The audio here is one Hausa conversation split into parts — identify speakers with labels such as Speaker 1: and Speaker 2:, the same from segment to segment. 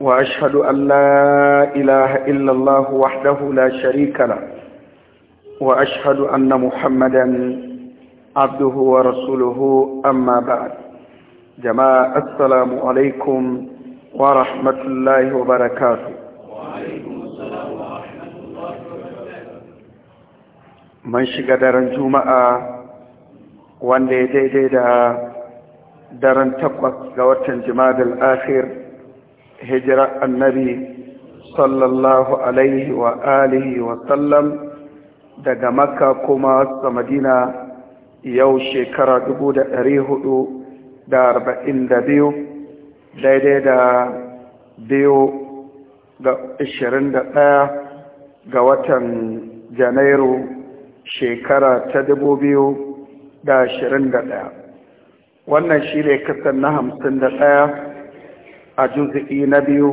Speaker 1: وأشهد أن لا إله إلا الله وحده لا شريك له وأشهد أن محمدا عبده ورسوله أما بعد جماعة السلام عليكم ورحمة الله وبركاته
Speaker 2: وعليكم السلام ورحمة الله وبركاته
Speaker 1: من شك درن جمعة وان دي دي دي دا درن تقوى لوتن جماد الآخر hijira annabi sallallahu alaihi wa wa sallam daga maka kuma samadina yau shekara biyu, daidai da biyu ga ɗaya ga watan janairu shekara ta ɗaya. wannan shi ne kasan na hamsin da ɗaya a juz'i na biyu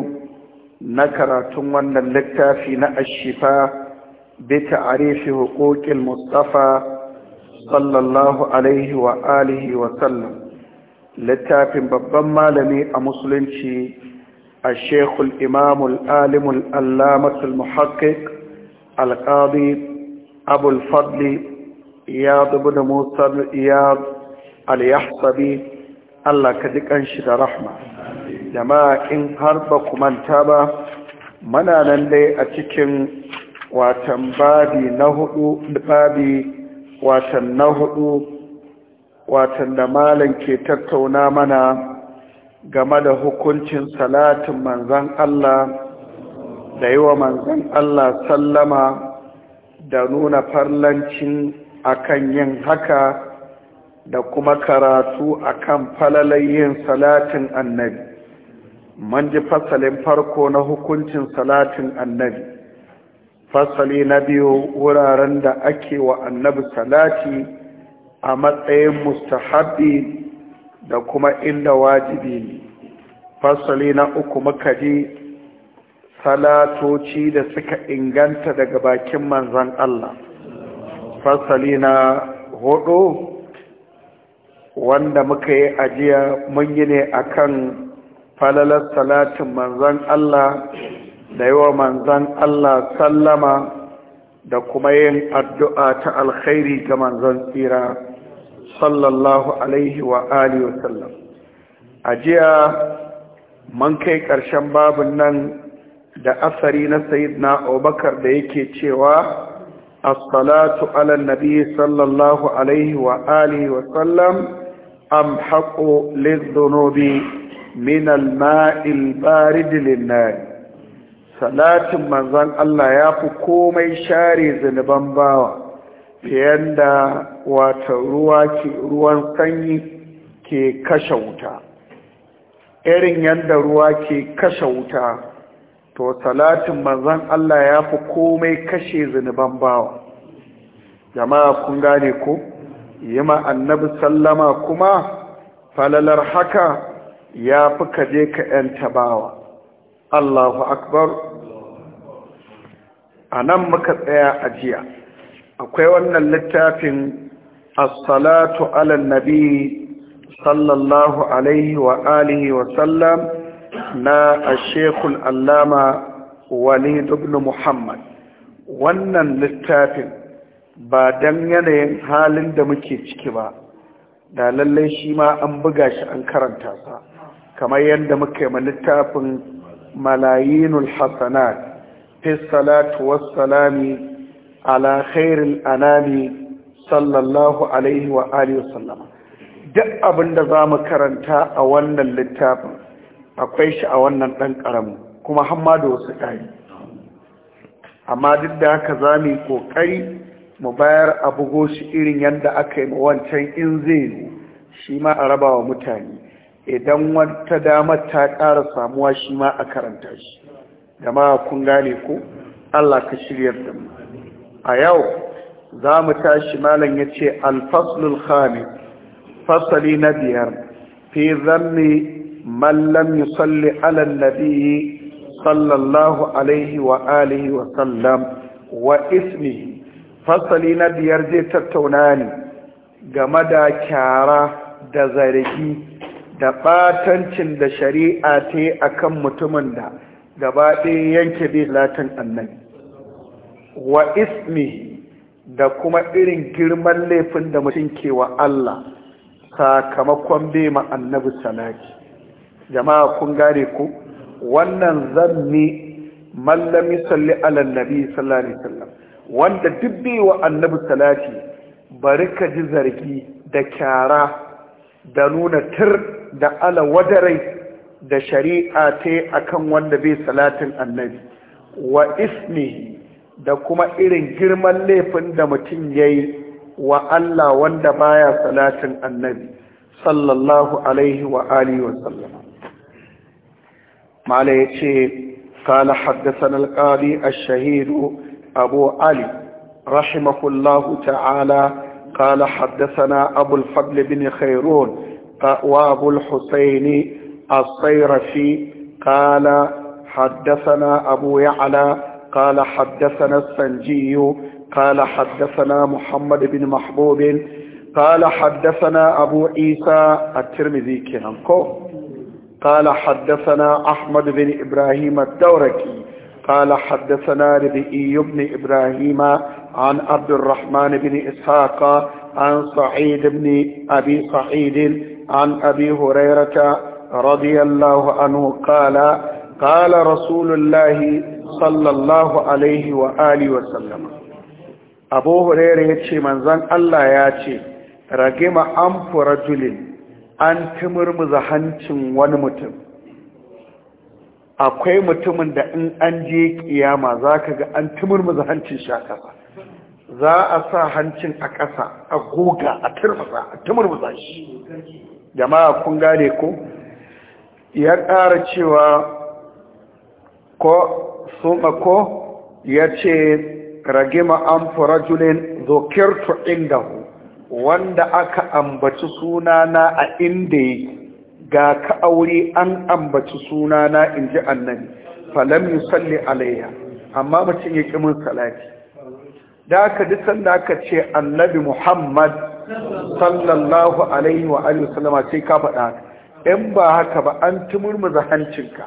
Speaker 1: na karatun wannan littafi na ashifa bi ta'rifi huquqil mustafa sallallahu alaihi wa alihi wa sallam littafin babban malami a musulunci a shekul imamul alimul allamatul muhaqqiq alqadi abul fadli iyad musa iyad Allah ka dukan shi da rahma jama'a in har ba ku manta ba mana nan dai a cikin watan babi na hudu babi watan na hudu watan da malam ke tattauna mana game da hukuncin salatin manzan Allah da yi wa manzan Allah sallama da nuna farlancin akan yin haka da kuma karatu akan falalayin salatin annabi Mun ji fasalin farko na hukuncin salatin annabi fasali na biyu wuraren da ake wa annabi salati a matsayin mustahabbi da kuma inda wajibi ne fasali na uku muka ji salatoci da suka inganta daga bakin manzan Allah fasali na hudu wanda muka yi ajiya mun yi ne akan falalar salatin manzan Allah da yawa manzan Allah sallama da kuma yin addu'a ta alkhairi ga manzan tsira sallallahu alaihi wa alihi a jiya man kai ƙarshen babin nan da asari na na Obakar da yake cewa as-salatu ala nabi sallallahu alaihi wa alihi wasallam am haƙo lizunobi min alma'il barid linnar salatin manzon Allah ya fi komai share zunuban bawa fiye da wata ruwa ke ruwan sanyi ke kashe wuta irin yadda ruwa ke kashe wuta to salatin manzon Allah ya fi komai kashe zunuban bawa jama'a kun gane ko yi ma annabi sallama kuma falalar haka ya fi ka je ka ‘yan tabawa Allahu akbar a nan muka tsaya a jiya akwai wannan littafin assalatu ala nabi sallallahu alaihi wa alihi wa sallam na ashekul allama wani dubnu muhammad wannan littafin ba don yanayin halin da muke ciki ba da lallai shi ma an buga shi an karanta sa kamar yadda muke ma littafin malayinul hasanat fi salatu wassalami ala khairil anami sallallahu alaihi wa alihi wasallam duk abin da za mu karanta a wannan littafin akwai shi a wannan dan karamu kuma hamma da wasu ƙari amma duk da haka za mu mu bayar a bugo shi irin yadda aka yi wancan in zai shi ma a raba wa mutane idan wata damar ta ƙara samuwa shi ma a karanta shi ma kun gane ko Allah ka shiryar da mu a yau za mu tashi malam ya ce alfaslul khami fasali na biyar fi zanni mallam yi salli alal nabi sallallahu alaihi wa alihi wa sallam wa ismi fasali na biyar zai tattauna ne game da kyara da zargi da batancin da shari'a ta yi a kan mutumin da gaba ɗaya yanke bai latin annabi wa ismi da kuma irin girman laifin da mutum ke wa Allah sakamakon bai ma annabi salaki jama'a kun gane ku wannan zanni mallami salli alan nabi sallallahu alaihi wasallam wanda duk bai wa annabi salati bari ka ji zargi da kyara da nuna tir da ala wadarai da shari'a ta akan wanda bai salatin annabi wa ismihi da kuma irin girman laifin da mutum ya yi wa Allah wanda baya salatin annabi sallallahu alaihi wa alihi wa sallama mala ya ce قال حدثنا القاضي الشهير أبو علي رحمه الله ta'ala. قال حدثنا أبو الفضل بن خيرون وأبو الحسين الصيرفي قال حدثنا أبو يعلى قال حدثنا السنجي قال حدثنا محمد بن محبوب قال حدثنا أبو عيسى الترمذي كنانكو قال حدثنا أحمد بن إبراهيم الدوركي قال حدثنا ربئي بن إبراهيم عن عبد الرحمن بن إسحاق عن سعيد بن أبي سعيد عن أبي هريرة رضي الله عنه قال قال رسول الله صلى الله عليه وآله وسلم أبو هريرة يتشي من زن الله يتشي رقم أنف رجل أن تمر hancin wani mutum akwai mutumin da in an je kiyama za ka ga an tumurmuza hancin shakasa za a sa hancin a ƙasa a goga a turfasa a tumurmusa shi jama'a kun gane ko ya ƙara cewa ko suma ko ya ce ragima an furajulin zokirtu indahu wanda aka ambaci sunana a inda yi ga ka aure an ambaci sunana in ji annabi falam salli alayya. amma mutum ya ƙi mun salati da aka ji sanda aka ce annabi muhammad sallallahu alaihi wa alihi wasallama sai ka faɗa in ba haka ba an tumurmuza hancinka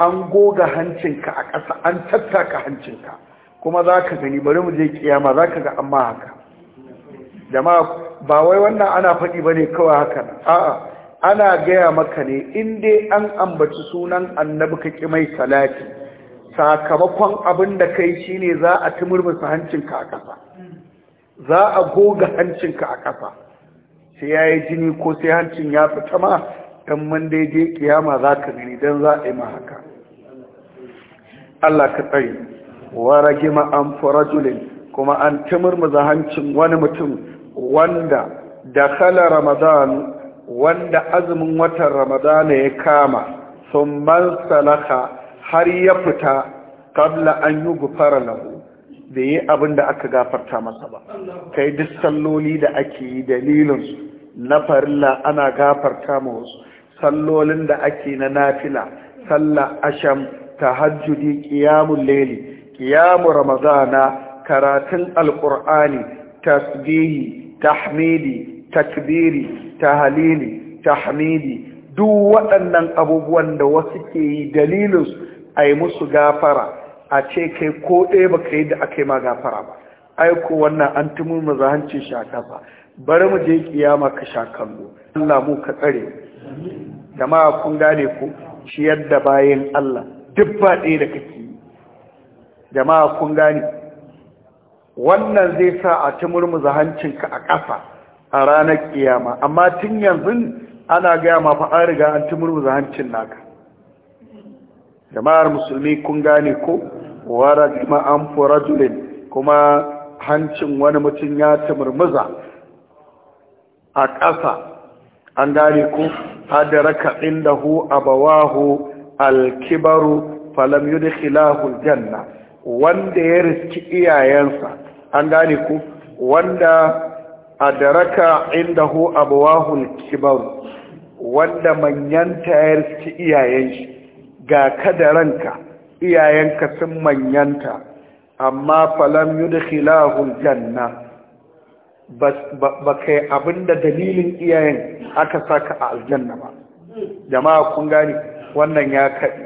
Speaker 1: an goga hancinka a ƙasa an tattaka hancinka kuma za ka gani bari mu je kiyama za ka ga amma haka jama'a ba wai wannan ana faɗi ba ne kawai haka a'a ana gaya maka ne in dai an ambaci sunan annabi ka ƙi mai salati sakamakon abin da kai shi ne za a timurmusa hancinka a ƙasa za a goga hancinka a ƙasa sai ya yi jini ko sai hancin ya fita ma ɗan man daidai kiyama za ka gani don za a yi ma haka Allah ka tsaye wa rage ma'an farajulin kuma an murmusa hancin wani mutum wanda da kala ramadan wanda azumin watan ramadana ya kama sun man salaka har ya fita kabla an yi gufara lahu da yi abin da aka gafarta masa ba kai duk salloli da ake yi dalilinsu na farilla ana gafarta ma wasu sallolin da ake na nafila sallah asham tahajjudi qiyamul leli qiyamu ramadana karatun Alkur'ani, tasbihi tahmidi takbiri tahlili tahmidi duk waɗannan abubuwan da wasu ke yi dalilinsu a yi musu gafara a ce kai ko ɗaya ba ka yi da aka yi ma gafara ba aiko wannan an tumu mazahancin shaka ba bari mu je kiyama ka sha kallo Allah mu ka tsare jama'a kun gane ku ciyar da bayan Allah duk ba ɗaya da kake yi jama'a kun gane wannan zai sa a tumurmuza ka a ƙasa a ranar kiyama amma tun yanzu ana gaya ma fa an riga an tumurmuza hancin naka jama'ar musulmi kun gane ko warar ma'an furajulin kuma hancin wani mutum ya murmuza a ƙasa an gane ko hadaraka inda hu abawahu alkibaru falam yudkhilahu aljanna wanda ya riski iyayensa an gane ko wanda adaraka indahu abawahu alkibaru wanda manyanta ya riski iyayenshi. ga kadaranka ranka iyayenka sun manyanta amma falam yudkhilahul janna ba kai abinda dalilin iyayen aka saka a aljanna ba jama'a kun gani wannan ya kaɗi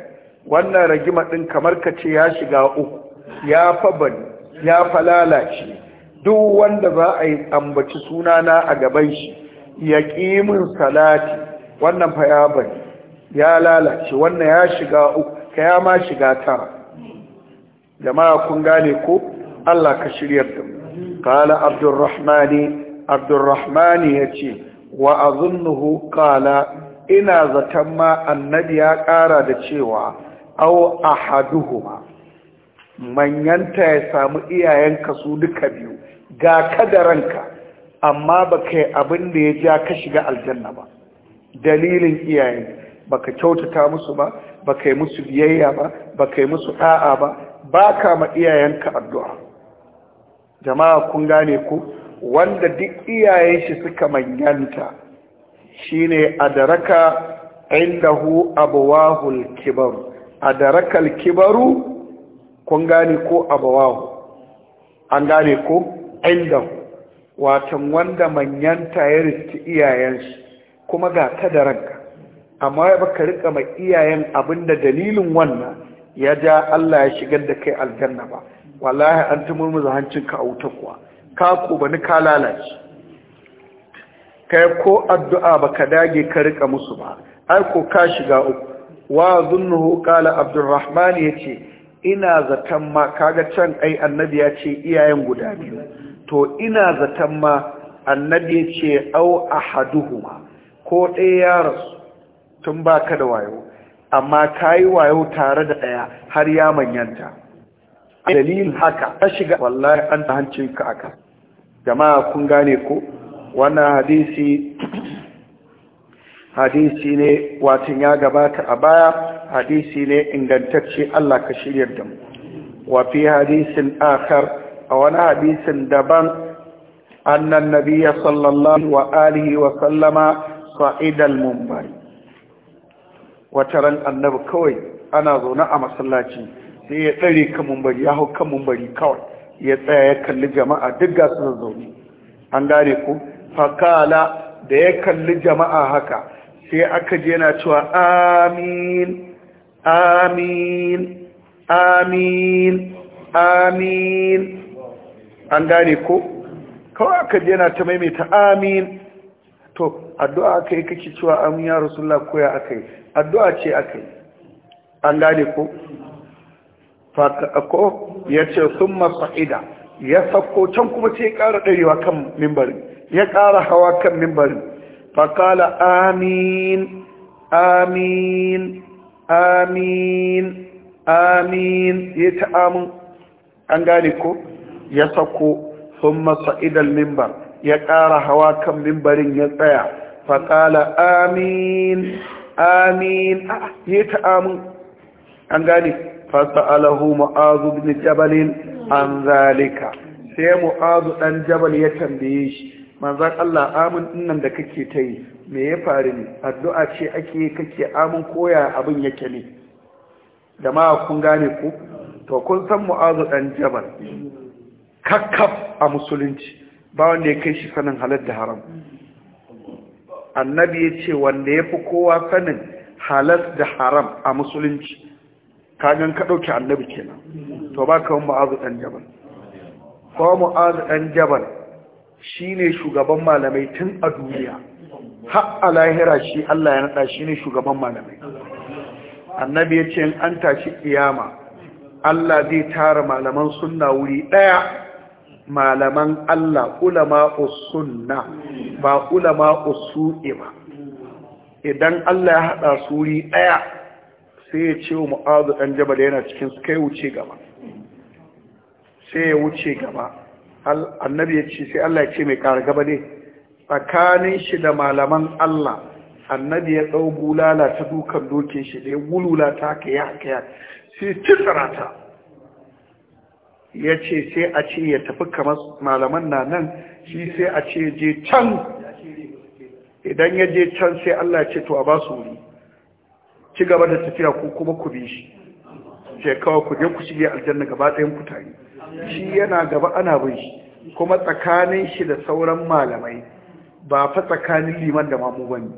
Speaker 1: wannan ragima ɗin kamar kace ya shiga uku ya fabani ya falalace duk wanda za a yi ambaci sunana a gaban shi yaqimin salati wannan fa ya bani ya lalace wannan ya shiga uku ya ma shiga tara jama'a kun gane ko Allah ka shiryar da kala abdurrahmani abdurrahmani ce. wa azunnuhu kala. ina zaton ma annabi ya kara da cewa au a ahaduhuma manyanta ya samu iyayenka su duka biyu ga kadaranka amma bakai abin da ya ja ka shiga aljanna ba dalilin iyayenka baka kyautata musu ba baka yi musu biyayya ba baka yi musu da'a ba baka ma iyayenka addu'a jama'a kun gane ku wanda duk iyayen shi suka manyanta shine adaraka indahu abawahul kibar adarakal kibaru kun gane ko abawahu an gane ko indahu watan wanda manyanta ya iyayen shi kuma ga ta da ranka amma ya baka rika mai iyayen abinda dalilin wannan ya ja Allah ya shigar da kai aljanna ba wallahi an ta murmuza hancinka a wuta kuwa ka bani ka lalace kai ko addu'a baka dage ka rika musu ba ai ko ka shiga uku wa zunnuhu qala abdurrahman yace ina zatan ma kaga can ai annabi ya ce iyayen guda biyu to ina zatan ma annabi yace ce au ahaduhuma ko ɗaya ya rasu tun ba ka da wayo amma ka yi wayo tare da ɗaya har ya manyanta dalilin haka ta shiga wallahi an ta hancin ka aka jama'a kun gane ko wannan hadisi hadisi ne watan ya gabata a baya hadisi ne ingantacce Allah ka shirya da mu wa fi hadisin akhar a wani hadisin daban annan nabiyya sallallahu wa alihi wa sallama sa'idal mumbai wata ran annabi kawai ana zaune a masallaci sai ya tsare kan mumbari ya hau kan mumbari kawai ya tsaya ya kalli jama'a duk ga su zaune an gane ku fakala da ya kalli jama'a haka sai aka je yana cewa amin amin amin amin an gane ku? kawai aka je yana ta maimaita amin to addu'a aka yi kake cewa amin ya rasulullah koya aka yi addu'a ce akai an gane ko ko ya ce sun masa'ida ya sako can kuma ce ƙara darewa kan mimbarin ya ƙara hawa kan fa kala amin amin amin amin ya ta amin an gane ko ya sako sun masa'idar mimbar ya ƙara hawa kan mimbarin ya tsaya faƙala amin amin a yi ta amin an gane alahu ma'azu bin jabalin an zalika sai mu'azu ɗan jabal ya tambaye shi manzan Allah amin ɗinnan da kake ta yi me ya faru ne addu'a ce ake kake amin koya abin yake ne da ma kun gane ku to kun san mu'azu ɗan jabal kakkaf a musulunci ba wanda ya kai shi sanin halal da haram annabi ya ce wanda ya fi kowa sanin halal da haram a musulunci kagan ka ɗauki annabi kenan to ba ka ma'azu ɗan jabal ko mu'azu ɗan jabal shi ne shugaban malamai tun a duniya har a lahira shi allah ya naɗa shi ne shugaban malamai annabi ya ce an tashi ƙiyama allah zai tara malaman sunna wuri ɗaya malaman Allah ulama sunna ba ulama usu'i ba idan Allah ya haɗa suri ɗaya sai ya ce wa mu'azu ɗan jabal yana cikin su kai wuce gaba sai ya wuce gaba annabi ya ce sai Allah ya ce mai ƙara gaba ne tsakanin shi da malaman Allah annabi ya dau bulala ta dukan dokin shi da ya wulula ta ka yi kai sai ci tsarata ya ce sai a ce ya tafi kamar malaman na nan shi sai a ce je can idan ya je can sai Allah ce to a ba su wuri ci gaba da tafiya ko kuma ku bi shi sai kawai ku je ku shige aljanna gaba ɗayan ku tare shi yana gaba ana bin shi kuma tsakanin shi da sauran malamai ba fa tsakanin liman da mamu bane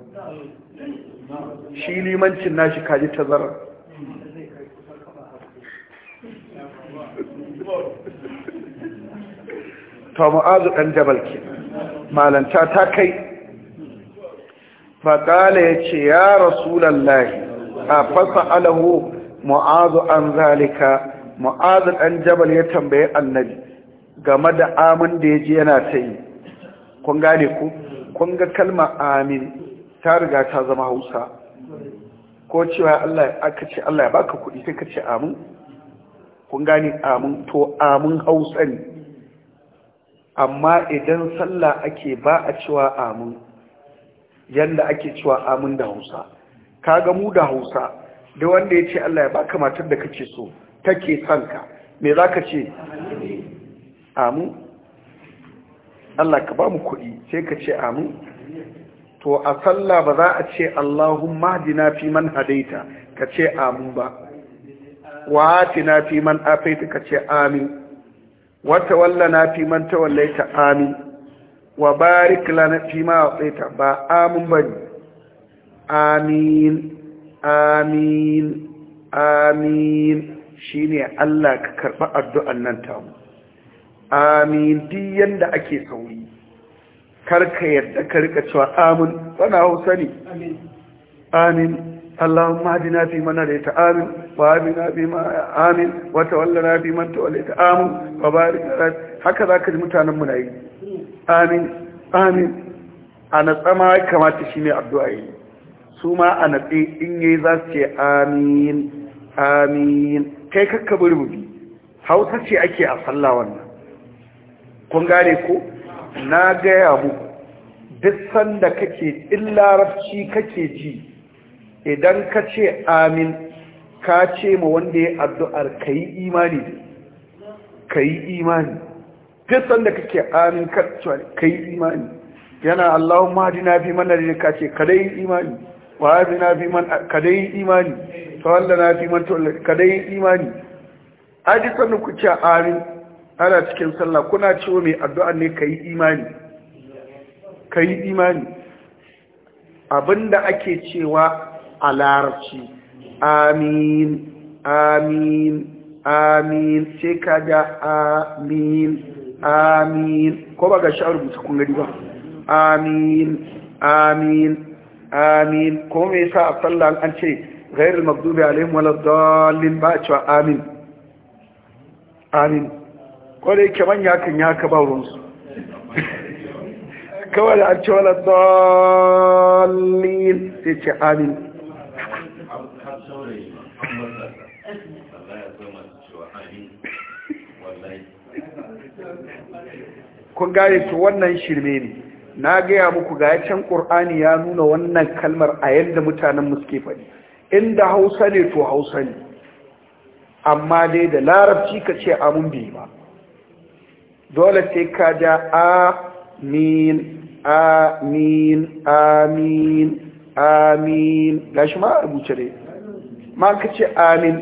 Speaker 2: shi limancin nashi kaji tazara
Speaker 1: ta mu'azu ɗan jabal ke malanta ta kai faƙala ya ce ya rasulallahi a fasa alahu mu'azu an zalika mu'azu ɗan jabal ya tambaye annabi game da amin da ya ji yana ta yi kun gane ku kun ga kalmar amin ta riga ta zama hausa ko cewa Allah aka ce Allah ya baka kuɗi sai ka ce amin kun gane amin to amin hausa ne amma idan sallah ake ba a cewa amin yadda ake cewa amin da hausa Ka ga mu da hausa da wanda ya ce Allah ya baka matar da kake so take son ka me za ka ce amin Allah ka ba mu kuɗi sai ka ce amin to a sallah ba za a ce allahun mahadina fi man hadaita ka ce amin ba wa atina fi man ka ce amin wa tawallana fi man tawallaita amin wa barik lana fi ma afaita ba amin bane amin amin amin shine Allah ka karba addu'an nan ta mu amin din yanda ake sauri karka yadda ka rika cewa amin wana hausa ne amin amin اللهم اهدنا في من هديت آمن وآمنا فيما آمن وتولنا في من توليت آمن وبارك لنا هكذا كل كذا متانا منعي آمين آمين أنا سما كما تشيني الدعاء سوما أنا تي إني ذات آمين آمين كي كبر مبي hausa ce ake a sallah wannan kun gane ko na gaya muku duk sanda kake in larabci kake ji idan ka ce amin ka ce ma wanda ya addu'ar ka yi imani ka yi imani fesan da kake amin ka yi imani yana allahun mahadina fi mana da ka ce kada yi imani wa'azi na fi man kada yi imani wanda na fi man ka kada yi imani ji sannu ku ce amin ana cikin sallah kuna wa mai addu'ar ne ka yi imani ka yi imani abinda ake cewa a larabci amin amin amin sai ka da amin amin ko ba ga sha'ar rubuta kun gari ba amin amin amin ko me yasa a sallan an ce ghairul maghdubi alaihim waladdallin ba a cewa amin amin ko da yake manya kan ya ka ba ruwansu kawai da an ce waladdallin sai ce amin kun gane to wannan shirme ne na gaya muku ga can ƙur'ani ya nuna wannan kalmar a yadda mutanen muske faɗi inda hausa ne to hausa ne amma dai da larabci ka ce amun bi ba dole sai ka ja amin amin amin amin shi ma a rubuce dai ma ka ce amin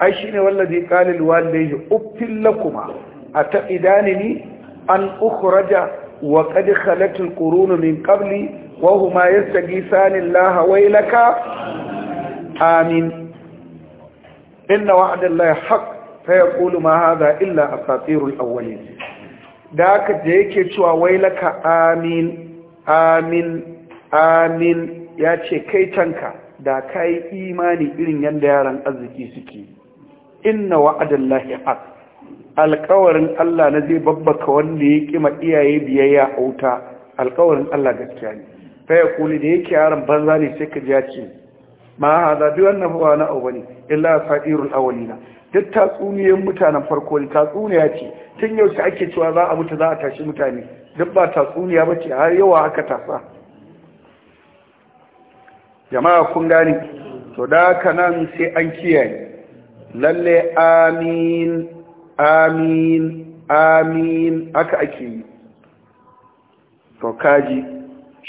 Speaker 1: ai shi ne wallazi kalil walidai uffin lakuma a taɓi an ukhraja wa qad khalat al-qurun min qabli wa huma yastaghithani Allah waylaka amin inna wa'da Allah haqq fa yaqulu ma hadha illa asatirul awwalin da aka da yake cewa wailaka amin amin amin yace kai tanka da kai imani irin yanda yaran arziki suke inna wa'adallahi haqq alkawarin Allah na zai babbaka wanda ya kima iyaye biyayya a wuta alkawarin Allah gaskiya ne fa ya kuli da yake yaron banza ne sai ka ja ce ma hada duk wannan ba na abu ne illa sadirul awwalina duk tatsuniyan mutanen farko ne tatsuniya ce tun yaushe ake cewa za a mutu za a tashi mutane duk ba tatsuniya ba ce har yawa aka tasa jama'a kun gane to da haka nan sai an kiyaye lalle amin amin amin aka ake yi to kaji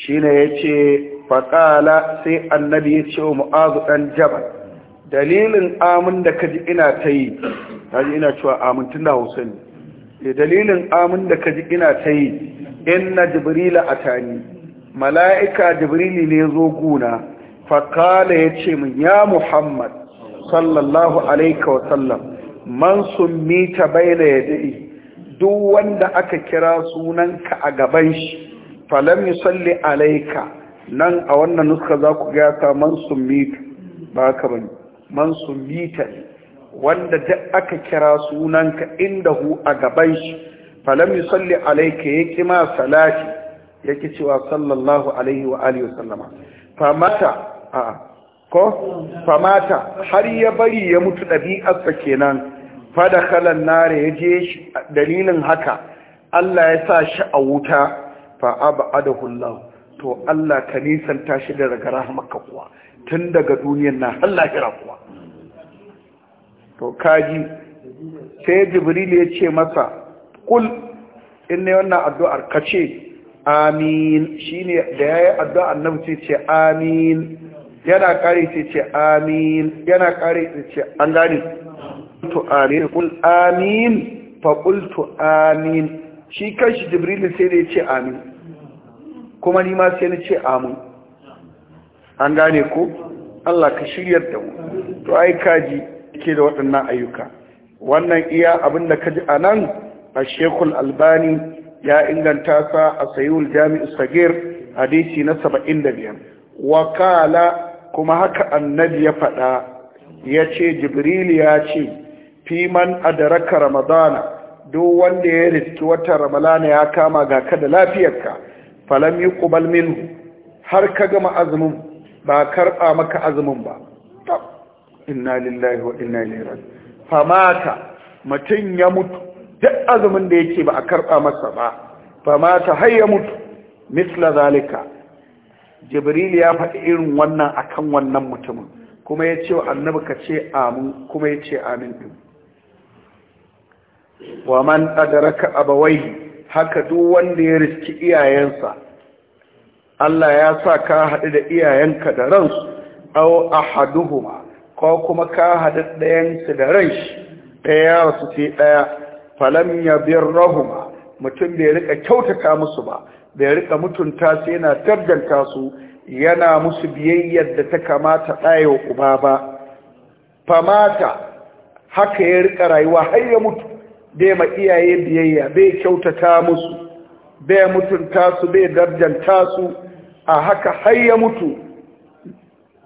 Speaker 1: ya ce faƙala sai annabi ya ce wa mu'azu ɗan jabal dalilin amin da kaji ina ta yi kaji ina cewa amin tun da hausa ne eh, dalilin amin da kaji ina ta yi inna jibrila a tani mala'ika jibrili ne zo guna faƙala ya ce min ya muhammad sallallahu alaika wasallam man summita baina yadi'i duk wanda aka kira sunanka a gaban shi falam yusalli alaika nan a wannan nuska za ku ga ta man mita ba ka bani man ne wanda duk aka kira sunanka hu a gaban shi falam yusalli alaika ya ma salati ya cewa sallallahu alaihi wa alihi wa sallama famata a ko famata har ya bari ya mutu ɗabi'arsa kenan fada kalan nare ya je dalilin haka Allah ya sa shi a wuta fa abadahullahu to Allah ka nisanta shi da daga rahmaka kuwa tun daga duniyar na har lahira kuwa to kaji sai jibril ya ce masa kul in wannan addu'ar ka ce amin Shi ne da yi addu’ar na sai ce amin yana kare ce ce amin yana kare ce ce an gane amin kul amin fa qultu amin shi kanshi jibril sai da ya ce amin kuma ni ma sai na ce amin an gane ko Allah ka shiryar da mu to ai kaji ke da waɗannan ayyuka wannan iya abin da ji a nan a shekul albani ya inganta sa a sayul jami'u sagir hadisi na 75 wakala kuma haka annabi ya faɗa ya ce jibril ya ce fiman a raka ramadana duk wanda ya riski wata ramadana ya kama ga ka da lafiyarka falam yi ƙubal min har ka gama azumin ba karɓa maka azumin ba inna lillahi wa inna ilaihi famata mutum ya mutu duk azumin da yake ba a karɓa masa ba famata har ya mutu misla zalika jibril ya faɗi irin wannan akan wannan mutumin kuma ya ce wa annabi ka ce amin kuma ya ce amin ɗin wa man adraka abawai haka duk wanda ya riski iyayensa Allah ya sa ka haɗu da iyayenka da ransu aw ahaduhuma ko kuma ka haɗu ɗayansu da ranshi ɗaya su ce ɗaya falam yabirrahuma mutum bai rika kyautata musu ba bai rika mutunta su yana tarjanta su yana musu biyayyar da ta kamata ɗaya uba ba famata haka ya rika rayuwa har ya mutu bai ma iyaye biyayya bai kyautata musu bai mutunta su bai darjanta su a haka har ya mutu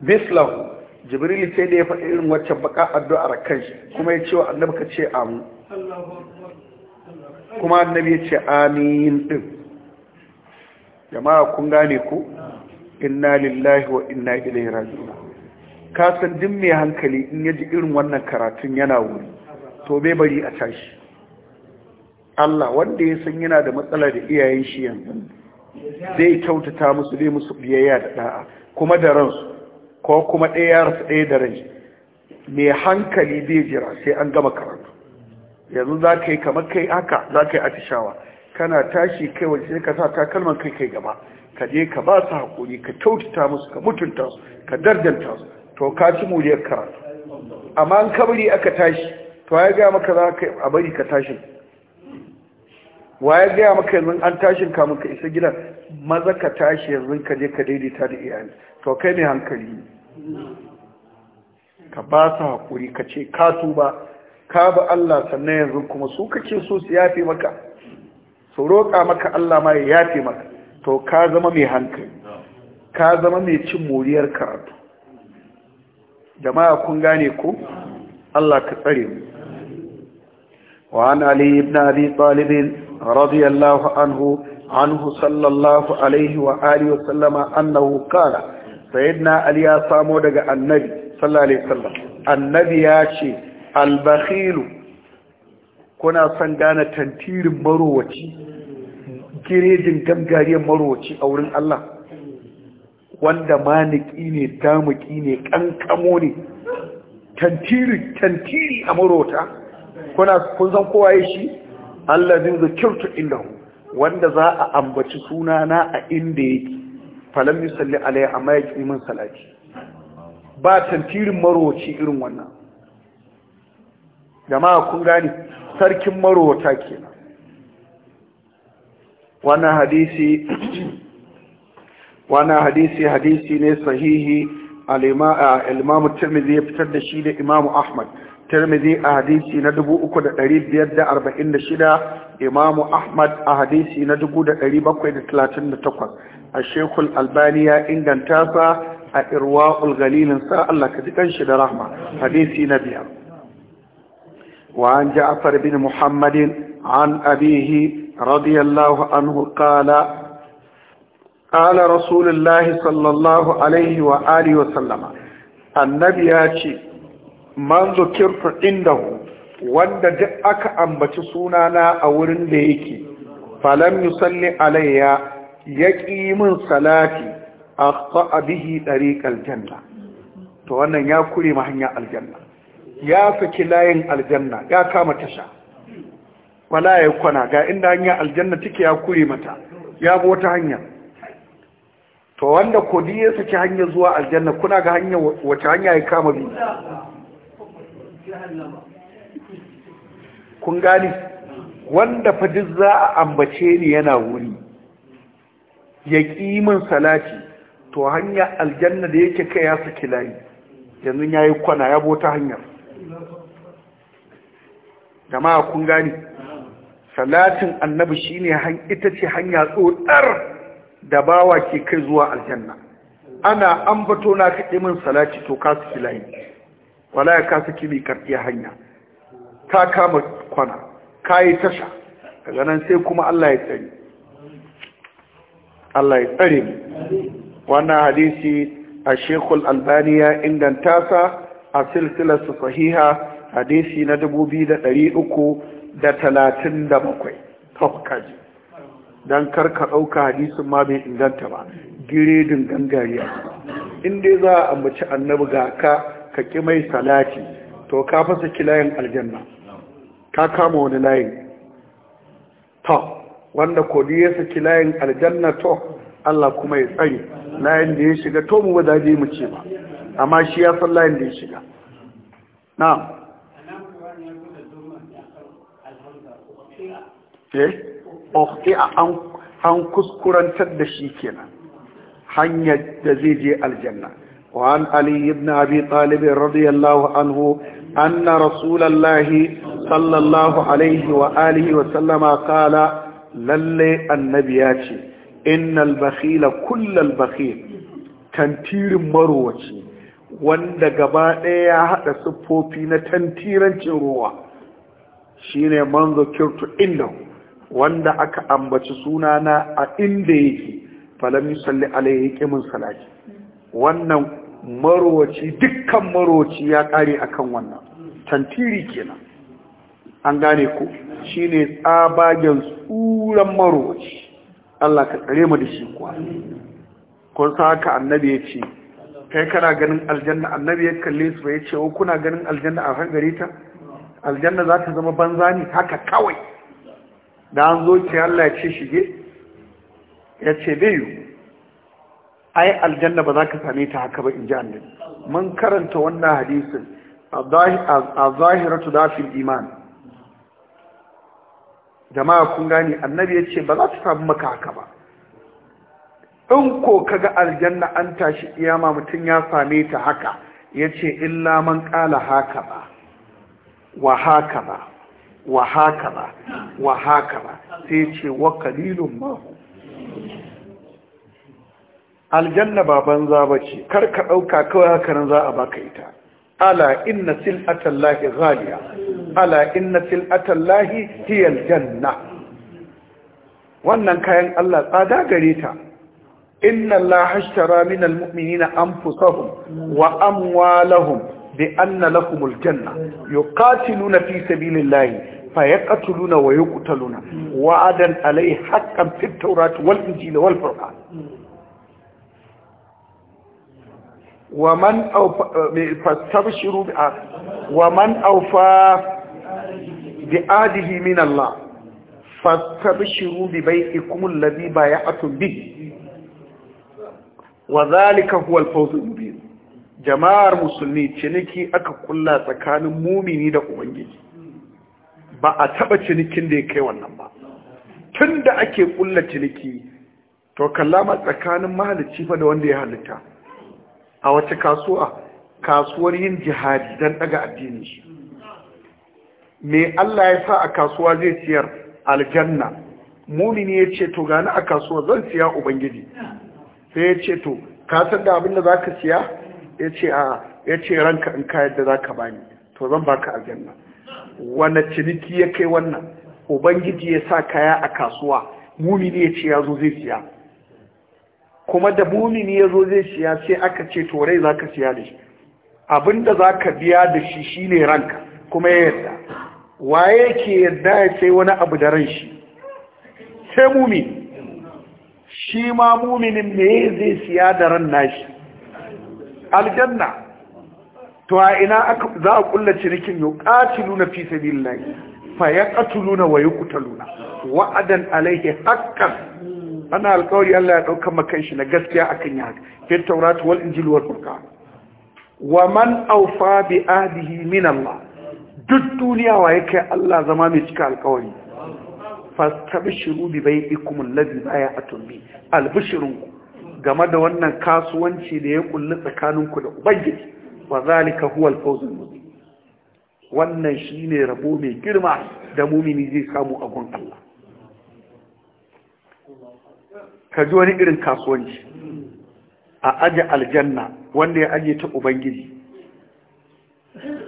Speaker 1: bislahu jibril sai da ya faɗi irin waccan baka addu'ar kanshi kuma ya ce wa annabi ka ce amu kuma annabi ya ce amin din jama'a kun gane ku inna lillahi wa inna ilaihi raji'un ka san din mai hankali in ya ji irin wannan karatun yana wuri to bai bari a tashi Allah wanda ya san yana da matsala da iyayen shi yanzu zai kyautata musu zai musu biyayya da da'a kuma da ransu ko kuma ɗaya ya rasu ɗaya da ransu. mai hankali zai jira sai an gama karatu yanzu za ka yi kamar kai haka za ka yi atishawa kana tashi kai wani sai ka sa takalman kai kai gaba ka je ka ba su haƙuri ka kyautata musu ka mutunta su ka dardanta su to ka ci muliyar karatu
Speaker 2: amma an kabari aka tashi
Speaker 1: to ya gaya maka za ka a bari ka tashi wa ya gaya maka yanzu an tashin kamun ka isa gidan maza ka tashi yanzu ka je ka daidaita da iyali to kai ne hankali ka ba su haƙuri ka ce ka tuba ka ba Allah sannan yanzu kuma su kake so su yafe maka su roƙa maka Allah ma ya yafe maka to ka zama mai hankali ka zama mai cin moriyar karatu jama'a kun gane ku? Allah ka tsare mu وعن علي بن أبي طالب رضي الله عنه عنه صلى الله عليه وآله وسلم أنه قال سيدنا علي سامو دغ النبي صلى الله عليه وسلم النبي ياشي البخيل كنا سان غانا تنتيرين مرووci girejin gamgariyar marowaci a wurin Allah wanda maniki ne damuki ne kankamo ne tantiri tantiri a marota kuna kun san kowa shi allazi zikirtu indahu wanda za a ambaci sunana a inda yake falam yusalli alai amma ya kimin salati ba tantirin marowaci irin wannan jama'a kun gane sarkin marowata kenan wannan hadisi wannan hadisi hadisi ne sahihi al-imam at-tirmidhi ya fitar da shi da imam ahmad tirmidhi a hadisi na 3546 imam ahmad a hadisi na 1738 a shekul albani ya inganta sa a irwa'ul galilin sa Allah ka ji kanshi da rahma hadisi na biyar wa an ja'far bin muhammadin an abihi radiyallahu anhu qala Ala رسول sallallahu alaihi الله عليه وآله وسلم النبي ياتي man zukirtu indahu wanda duk aka ambaci sunana a wurin da yake falam yusalli alayya ƙi min salati a bihi tariqal aljanna. to wannan ya kure ma hanyar aljanna ya saki layin aljanna ya kama tasha wala ya kwana ga inda hanyar aljanna take ya kure mata ya bi wata hanya to wanda kodi ya saki hanyar zuwa aljanna kuna ga hanyar wace hanya ya kama bi kun gani wanda fa za a ambace ni yana wuri ya ƙimin salati to hanya aljanna da yake kai ya saki layi yanzu ya yi kwana ya bota hanyar jama'a kun gani salatin annabi shine ita ce hanya tsotsar da bawa ke kai zuwa aljanna ana ambato na kaɗe min salati to ka saki layi wala ya kasa kimi karɓiya hanya ta kama kwana ka yi tasha daga nan sai kuma Allah ya tsari. Allah ya tsari wannan hadisi a shekul albani ya inganta sa a su sahiha hadisi na da da uku 2337 top kaji don karka ɗauka hadisin ma bai inganta ba giredin gangariya inda za a ambaci annabi ga ka ka ƙi mai salati to ka fasa ki layin aljanna ka kama wani layin ta wanda kodi ya saki layin aljanna to Allah kuma ya tsari layin da ya shiga to mu ba mu ce ba amma shi ya san layin da ya shiga na eh an an kuskurantar da shi kenan hanyar da zai je aljanna وعن علي بن أبي طالب رضي الله عنه أن رسول الله صلى الله عليه وآله وسلم قال للي النبياتي إن البخيل كل البخيل تنتير مروتي wanda gaba ɗaya ya haɗa siffofi na tantirancin ruwa shine manzo kirtu inda wanda aka ambaci sunana a inda yake falam yusalli alayhi wannan marowaci dukkan marowaci ya kare kan wannan tantiri kenan an gane ku shine tsabagen tsuran marowaci Allah ka tsare mu da shi kuwa kun sa haka annabi ya ce kai kana ganin aljanna annabi ya kalle su ya ce oh, kuna ganin aljanna a hangare ta aljanna za ta zama banza ne haka kawai da an zo ki Allah ya ce shige ya ce bai yiwu ai aljanna ba za ka same ta haka ba in ji annabi mun karanta wannan hadisin a zahiratu dafil iman jama'a kun gane annabi ya ce ba za ta samu maka haka ba in ko kaga aljanna an tashi iyama mutum ya same ta haka ya ce illa man ƙala haka ba wa haka ba wa haka ba wa haka ba sai ce wa kalilun mahu aljanna ba banza ba ce kar ka ɗauka kawai hakanan za a baka ita ala inna sil'atallahi ghaliya ala inna sil'atallahi hiyal janna wannan kayan Allah tsada gare ta inna Allah hashtara min almu'minina anfusahum wa amwalahum bi anna lahumul janna yuqatiluna fi sabilillahi fayaqtuluna wa yuqtaluna wa'adan alayhi haqqan fit tawrat wal injil wal furqan ومن أوفى فاستبشروا ومن أوفى بعاده من الله فاستبشروا ببيعكم الذي بايعتم به وذلك هو الفوز المبين jama'ar musulmi ciniki aka kulla tsakanin mumini da ubangiji ba a taba cinikin da ya kai wannan ba tun da ake kulla ciniki to kallama tsakanin mahalicci fa da wanda ya halitta a wace kasuwa kasuwar yin jihadi don daga addini? shi me Allah ya sa a kasuwa zai siyar aljanna mumini ya ce to gani a kasuwa zan siya ubangiji sai ya ce to ka da abin da ka siya ya ce a ya ce ranka in ka yadda za zaka bani to zan baka aljanna wane ciniki ya kai wannan ubangiji ya sa kaya a kasuwa mumini ya ce ya zo zai siya kuma da mumini ya zo zai siya sai aka ce torai za ka siya da shi abinda za ka biya da shi shi ne ranka kuma ya yarda waye ke yadda ya sai wani abu da ran shi sai mumi shi ma muminin me zai siya da ran nashi aljanna to a ina za a kulla cinikin yau ƙatiluna fi sabilillahi fa yaqtuluna wa yuqtaluna wa'adan alaihi haqqan ana alkawari Allah ya ɗaukar makanshi shi na gaskiya akan yi haka fi tauratu wal injil wal wa man aufa bi ahdihi min Allah duk duniya wa kai Allah zama mai cika alkawari fastabishiru bi baya a bai'atum albishirun ku. game da wannan kasuwanci da ya kulli tsakaninku da ubangiji wa zalika huwa alfawzul mubin wannan shine rabo mai girma da mumini zai samu a gun Allah ka ji wani irin kasuwanci a aje aljanna wanda ya ajiye ta ubangiji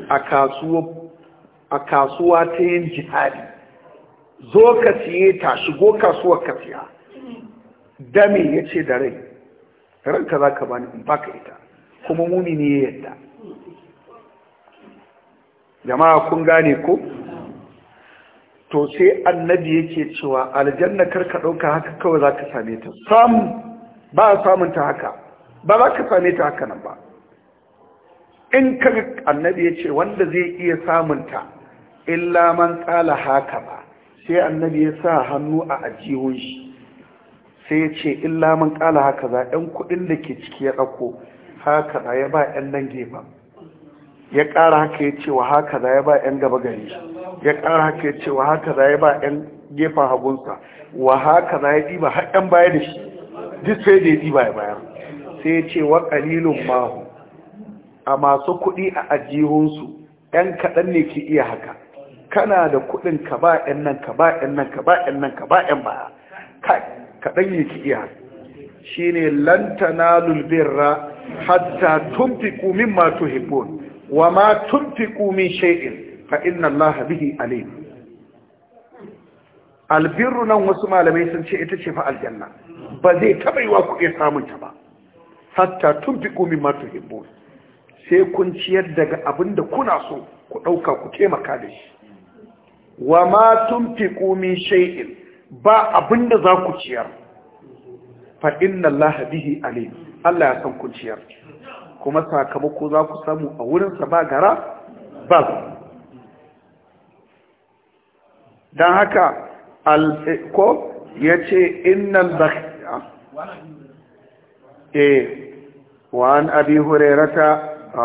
Speaker 1: a kasuwa ta yin jihadi zo ka siye ta shigo kasuwar ka siya dame ya ce da rai ranka za ka bani in baka ita kuma mumini ya yadda jama'a kun gane ko to sai annabi yake cewa aljanna karka ɗauka haka kawai za ka same ta samu ba a samun ta haka ba za ka same ta haka nan ba in ka annabi ya ce wanda zai iya samun ta illa man tsala haka ba sai annabi ya sa hannu a ajihun shi sai ya ce illa man tsala haka za ɗan kuɗin da ke ciki ya ɗauko haka ya ba 'yan nan gefa ya ƙara haka ya ce wa haka ya ba 'yan gaba gari ya ƙara haka wa haka za ya ba 'yan gefen hagunsa wa haka za ya ɗiba har 'yan baya da shi duk sai da ya ɗiba ya bayar sai ya ce wa ƙalilun mahu a masu kuɗi a ajihunsu 'yan kaɗan ne ke iya haka kana da kuɗin ka ba 'yan nan ka ba 'yan nan ka ba 'yan nan ka ba 'yan baya kaɗan ne ke iya haka shi ne lantana lulbirra hatta tun fi tumfiku mimma hibbon wa ma tun fi kumin shay'in fa inna Allah bihi alim albirru nan wasu malamai sun ce ita ce fa aljanna ba zai taba yiwa ku iya samun ta ba hatta tunfiqu mimma tuhibbun sai kun ciyar daga abinda kuna so ku ɗauka ku taimaka da shi wa ma tunfiqu min shay'in ba abinda da za ku ciyar fa inna Allah bihi alim Allah ya san kun ciyar kuma sakamako za ku samu a wurinsa ba gara ba don haka eh, ko ya ce innan bakiya e eh, wa'an abi hurairata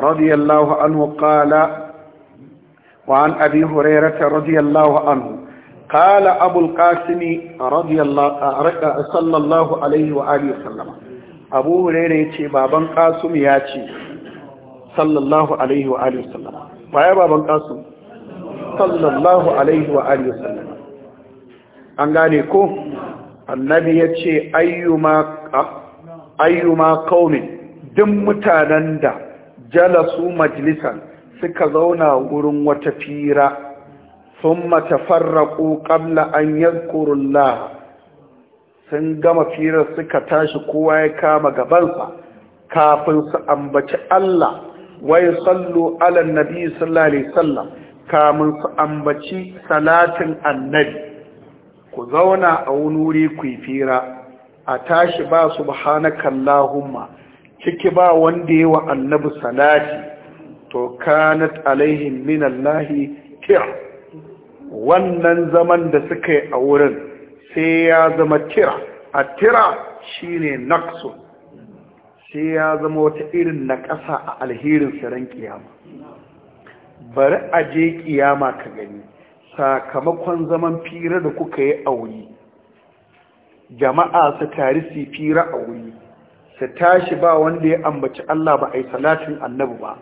Speaker 1: radiyallahu anhu kala wa'an abi hurairata radiyallahu anhu kasimi eh, sallallahu alaihi wa aliyu sallama ce baban kasum ya ce sallallahu alaihi wa aliyu sallama baya baban kasum sallallahu alaihi wa sallama an gane ko annabi ya ce ayyuma kaumin duk mutanen da jalasu majalisan suka zauna wurin wata fira sun farraƙo ƙabla an laha sun gama firar suka tashi kowa ya kama gabansa kafin su ambaci Allah wai sallu ala nabi sallallahu alaihi sallam kamun su ambaci salatin annabi ku zauna a wani wuri ku fira a tashi ba su bahanakan lahumma ciki ba wanda yi wa annabi salati to kanat alaihim min allahi tir wannan zaman da suka yi a wurin sai ya zama tira a tira shine naqsu sai ya zama wata irin na ƙasa a alherin siran kiyama bari a je kiyama ka gani sakamakon zaman fira da kuka yi a wuri jama'a su tari su fira a wuri su tashi ba wanda ya ambaci Allah ba a yi salatin annabu ba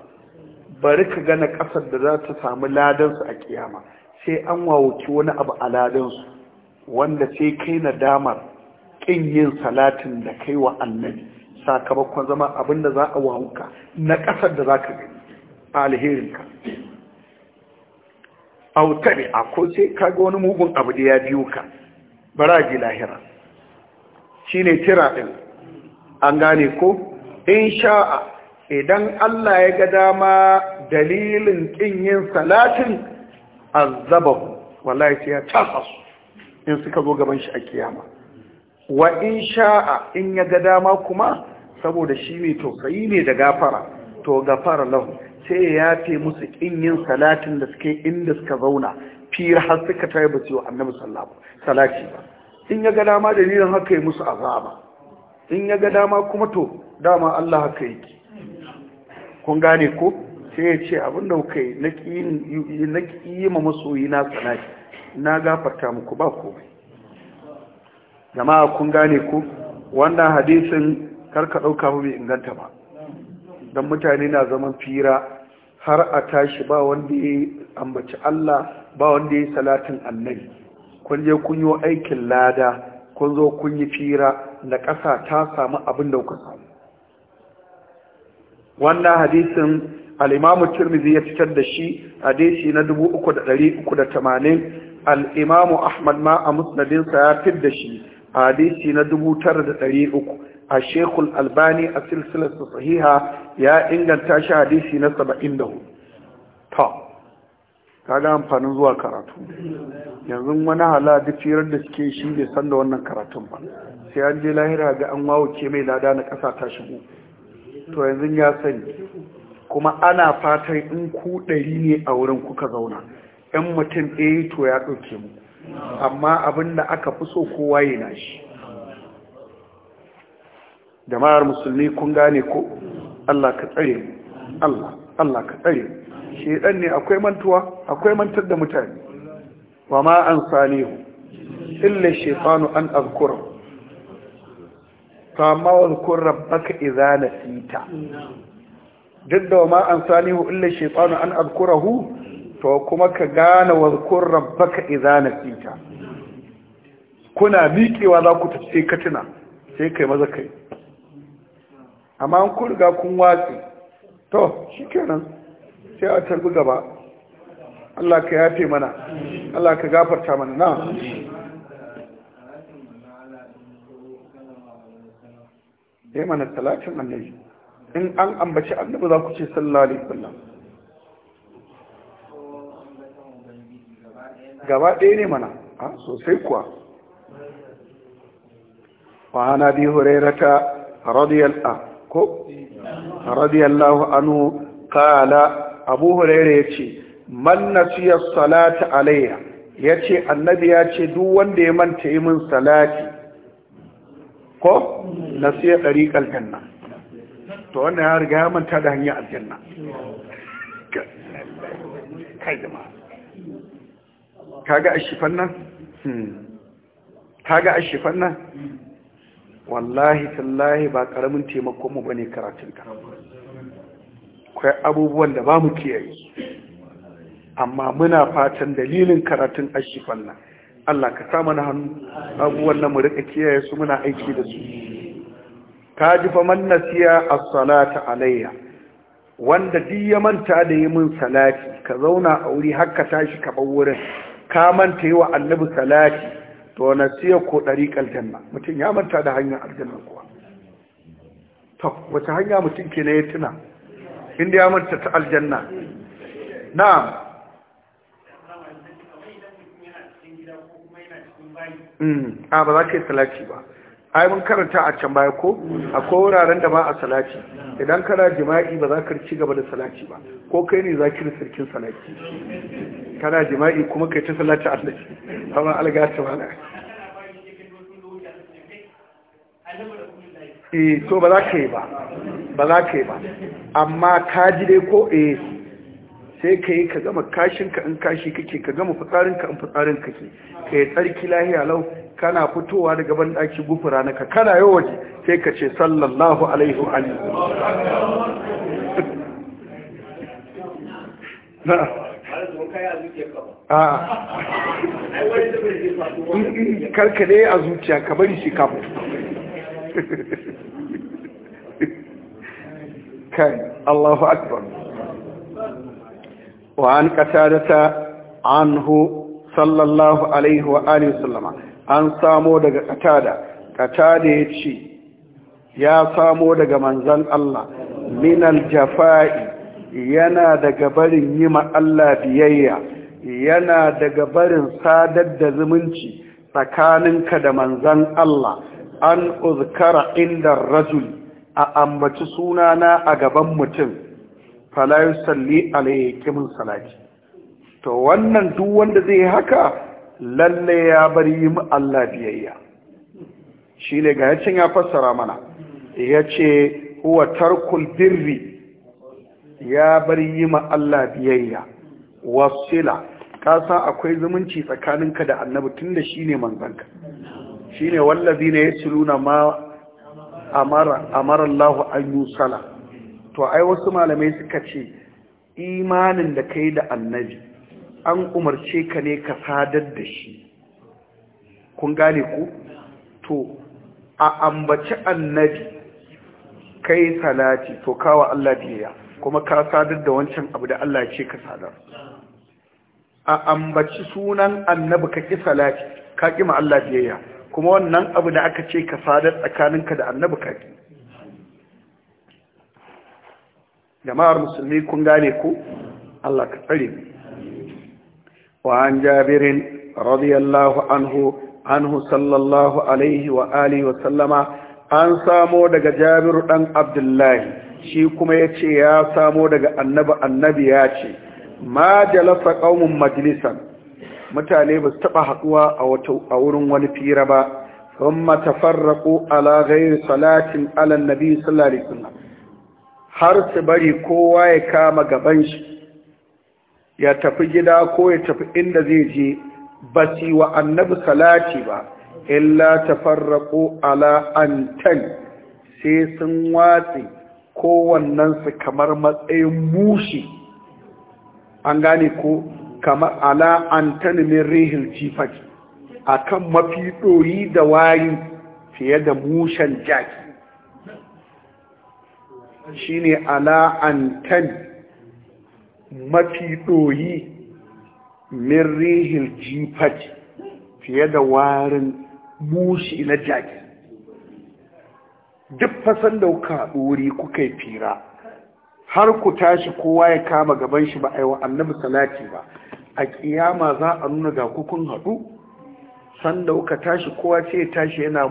Speaker 1: bari ka gana ƙasar da za ta samu ladansu a kiyama sai an wawuki wani abu a ladansu wanda sai kai na damar ƙin yin salatin da kai wa annabi sakamakon zama abin za a wawuka na ƙasar da za ka gani alherinka tabi a ko sai kaga wani mugun abu da ya biyu ka bara lahira shi ne tira ɗin an gane ko in sha'a idan Allah ya ga dama dalilin ƙin yin salatin azabahu wallahi sai ya tasa su in suka zo gaban shi a kiyama wa in sha'a in ya ga dama kuma saboda shi mai tausayi ne da gafara to gafara lahu sai ya yafe musu kin yin salatin da suke inda suka zauna fira har suka tayi ba ciwo annabi salati ba in ya ga dama dalilin haka yi musu azaba in ya ga dama kuma to dama Allah haka ki kun gane ko sai ya ce abin da kuka yi na ƙi ma yi na salati na gafarta muku ba komai jama'a kun gane ku wannan hadisin karka ɗauka mu bai inganta ba don mutane na zaman fira har a tashi ba wanda ya ambaci Allah ba wanda ya yi salatin annabi kun je kun yi aikin lada kun zo kun yi fira da ƙasa ta samu abin da kuka samu wannan hadisin al Tirmizi tirmidhi ya fitar da shi hadisi na 3380 al imam ahmad ma a musnadinsa ya fitar da shi hadisi na 9300 a shekul albani a silsilar sahiha ya inganta shi hadisi na 74 ta kaga amfanin zuwa karatu yanzu wani hala da firar da suke shi bai san da wannan karatun ba sai an je lahira ga an wawuce mai lada na ƙasa ta shigo to yanzu ya sani kuma ana fatan in ku ɗari ne a wurin kuka zauna ‘yan mutum ɗaya to ya ɗauke mu amma abin da aka fi so kowa yi na shi jama'ar musulmi kun gane ko Allah ka tsare mu Allah Allah ka tsare mu shedan ne akwai mantuwa akwai mantar da mutane wa ma an sanihu illa shaytanu an azkur fa ma wazkur rabbaka idza nasita duk da wa ma an sanihu illa shaytanu an azkurahu to kuma ka gane wazkur rabbaka idza nasita kuna miƙewa za ku tafi ka tuna sai kai maza kai amma an kurga kun watsi to shi kenan sai a tarbi gaba Allah ka yafe mana Allah ka gafarta mana na ya mana talatin annabi in an ambaci annabi za ku ce sallallahu alaihi wasallam gaba ɗaya ne mana a sosai kuwa wa hana bi hurairata radiyallahu ko radiyallahu anhu qala abu hurairah yace man nasiya salata alayya yace annabi yace duk wanda ya manta yi min salati ko nasiya dariqal janna to wannan ya riga ya manta da hanya aljanna kai da ma kaga ashifan nan hmm. kaga ashifan nan wallahi tallahi ba karamin taimakon mu bane karatun ka akwai abubuwan da ba mu kiyaye amma muna fatan dalilin karatun ashifan nan Allah ka sa mana hannu abubuwan nan mu rika kiyaye su muna aiki da su ka ji fa man nasiya as-salata alayya wanda duk ya manta da yi min salati ka zauna a wuri har ka tashi ka bar wurin ka manta yi wa annabi salati to na siya ko ɗariƙar janna mutum ya manta da hanyar aljanna kuwa ta wace hanya mutum ke na ya tuna inda ya manta ta aljanna na hmm. a ba za ka yi talaki ba ai mun karanta a can baya ko akwai wuraren da ba a salati idan kana jima'i ba za ka ci gaba da salati ba ko kai ne za ki da sarkin
Speaker 2: salati kana jima'i kuma kai ta salati Allah amma algata ba na eh to ba za ka yi ba ba za ka yi ba amma ka ji dai
Speaker 1: ko eh sai ka yi ka gama kashinka in kashi kake ka gama fitsarinka in fitsarin kake ka yi tsarki lahiya lau kana fitowa daga banɗaki gufura naka kana yau waje sai ka ce sallallahu alaihi wa alihi
Speaker 2: a karka
Speaker 1: ne a zuciya ka bari shi kafin كان الله أكبر وعن قتادة عنه صلى الله عليه وآله وسلم an samo daga katada katada ya ce ya samo daga manzan Allah minal jafa'i yana daga barin yi Allah biyayya yana daga barin sadar da zumunci tsakaninka da manzan Allah an uzkara inda rajul a ambaci sunana a gaban mutum falayu salli alaikimin salaki. to wannan duk wanda zai haka lalle ya bar yi mu Allah biyayya shi ne ga yacin ya fassara mana ya ce huwa tarkul birri ya bar yi mu Allah biyayya wasila ka san akwai zumunci tsakaninka da annabi tun da shi ne manzanka shi ne wallazi ne ya ma amara Allah an Sala. to ai wasu malamai suka ce imanin da kai da annabi an umarce ka ne ka sadar da shi kun gane ku to a ambaci annabi kai salati to kawa Allah biyayya kuma ka sadar da wancan abu da Allah ya ce ka sadar a ambaci sunan annabi ka ki salati ka ki ma Allah biyayya kuma wannan abu da aka ce ka sadar tsakaninka da annabi ka ki jama'ar musulmi kun gane ku Allah ka tsare mu وعن جابر رضي الله عنه عنه صلى الله عليه وآله وسلم an samo daga jabiru ɗan abdullahi shi kuma ya ce ya samo daga annabi annabi ya ce ma jalasa ƙaunin majalisan mutane ba su taɓa haɗuwa a wurin wani fira ba sun matafarraƙo ala salatin alan nabi sallallahu har su bari kowa ya kama gaban shi ya tafi gida ko ya tafi inda zai je ba si wa annabi salati ba illa tafarraqu ala antan sai sun watsi kowannen su kamar matsayin mushi an gane ko kamar ala antan min rihil jifat akan mafi doyi da wari fiye da mushen jaki shine ala antan mafi ɗoyi min rihil jifat fiye da warin mushi na jaki duk fasan da kuka wuri kuka yi fira har ku tashi kowa ya kama gaban shi ba a yi wa annabi salati ba a kiyama za a nuna ga kukun haɗu sanda kuka tashi kowa ce tashi yana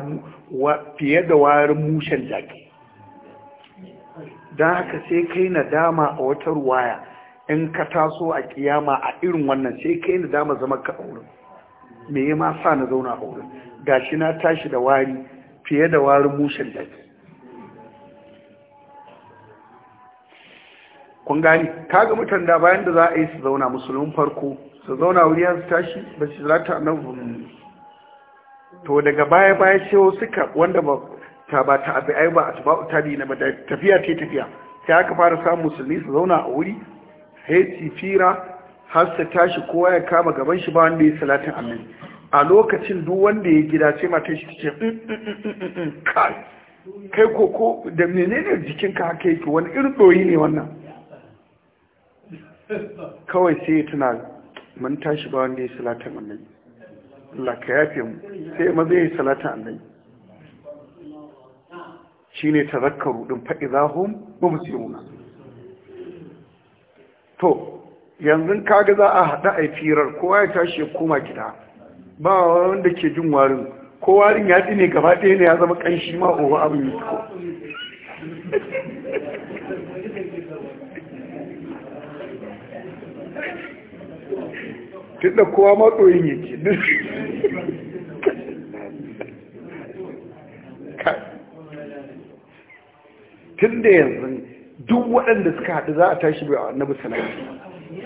Speaker 1: fiye da warin mushen jaki don haka sai kai nadama a wata ruwaya in ka taso a kiyama a irin wannan sai kai ni dama zama ka aure. me ya ma sa na zauna a wurin gashi na tashi da wari fiye da warin mushin da kun gani kaga mutan da bayan da za a yi su zauna musulmin farko su zauna wuri ya su tashi ba su ta nan to daga baya baya sai suka wanda ba ta ba ta abi ai ba asba'u tabi na ba tafiya ce tafiya sai aka fara samun musulmi su zauna a wuri haiti fira har ta tashi kowa ya kama gaban shi ba wanda ya salatin amin, a lokacin duk wanda ya gida sai mata shi ce mm, mm, mm, kai kai koko da menene jikinka haka yake wani irin doyi ne wannan kawai sai ya tuna mun tashi ba wanda ya salatin amin. Allah ka yafe mu sai ma zai salatan annabi shine tazakkaru din fa idahum mumsiruna to yanzu kaga za a haɗa a firar kowa ya tashi ya koma gida ba wanda ke jin warin ko warin ya ne gaba ɗaya ne ya zama ƙanshi ma owa abin yi ko tunda kowa matsoyin yake tun da yanzu duk waɗanda suka haɗu za a tashi a annabi salati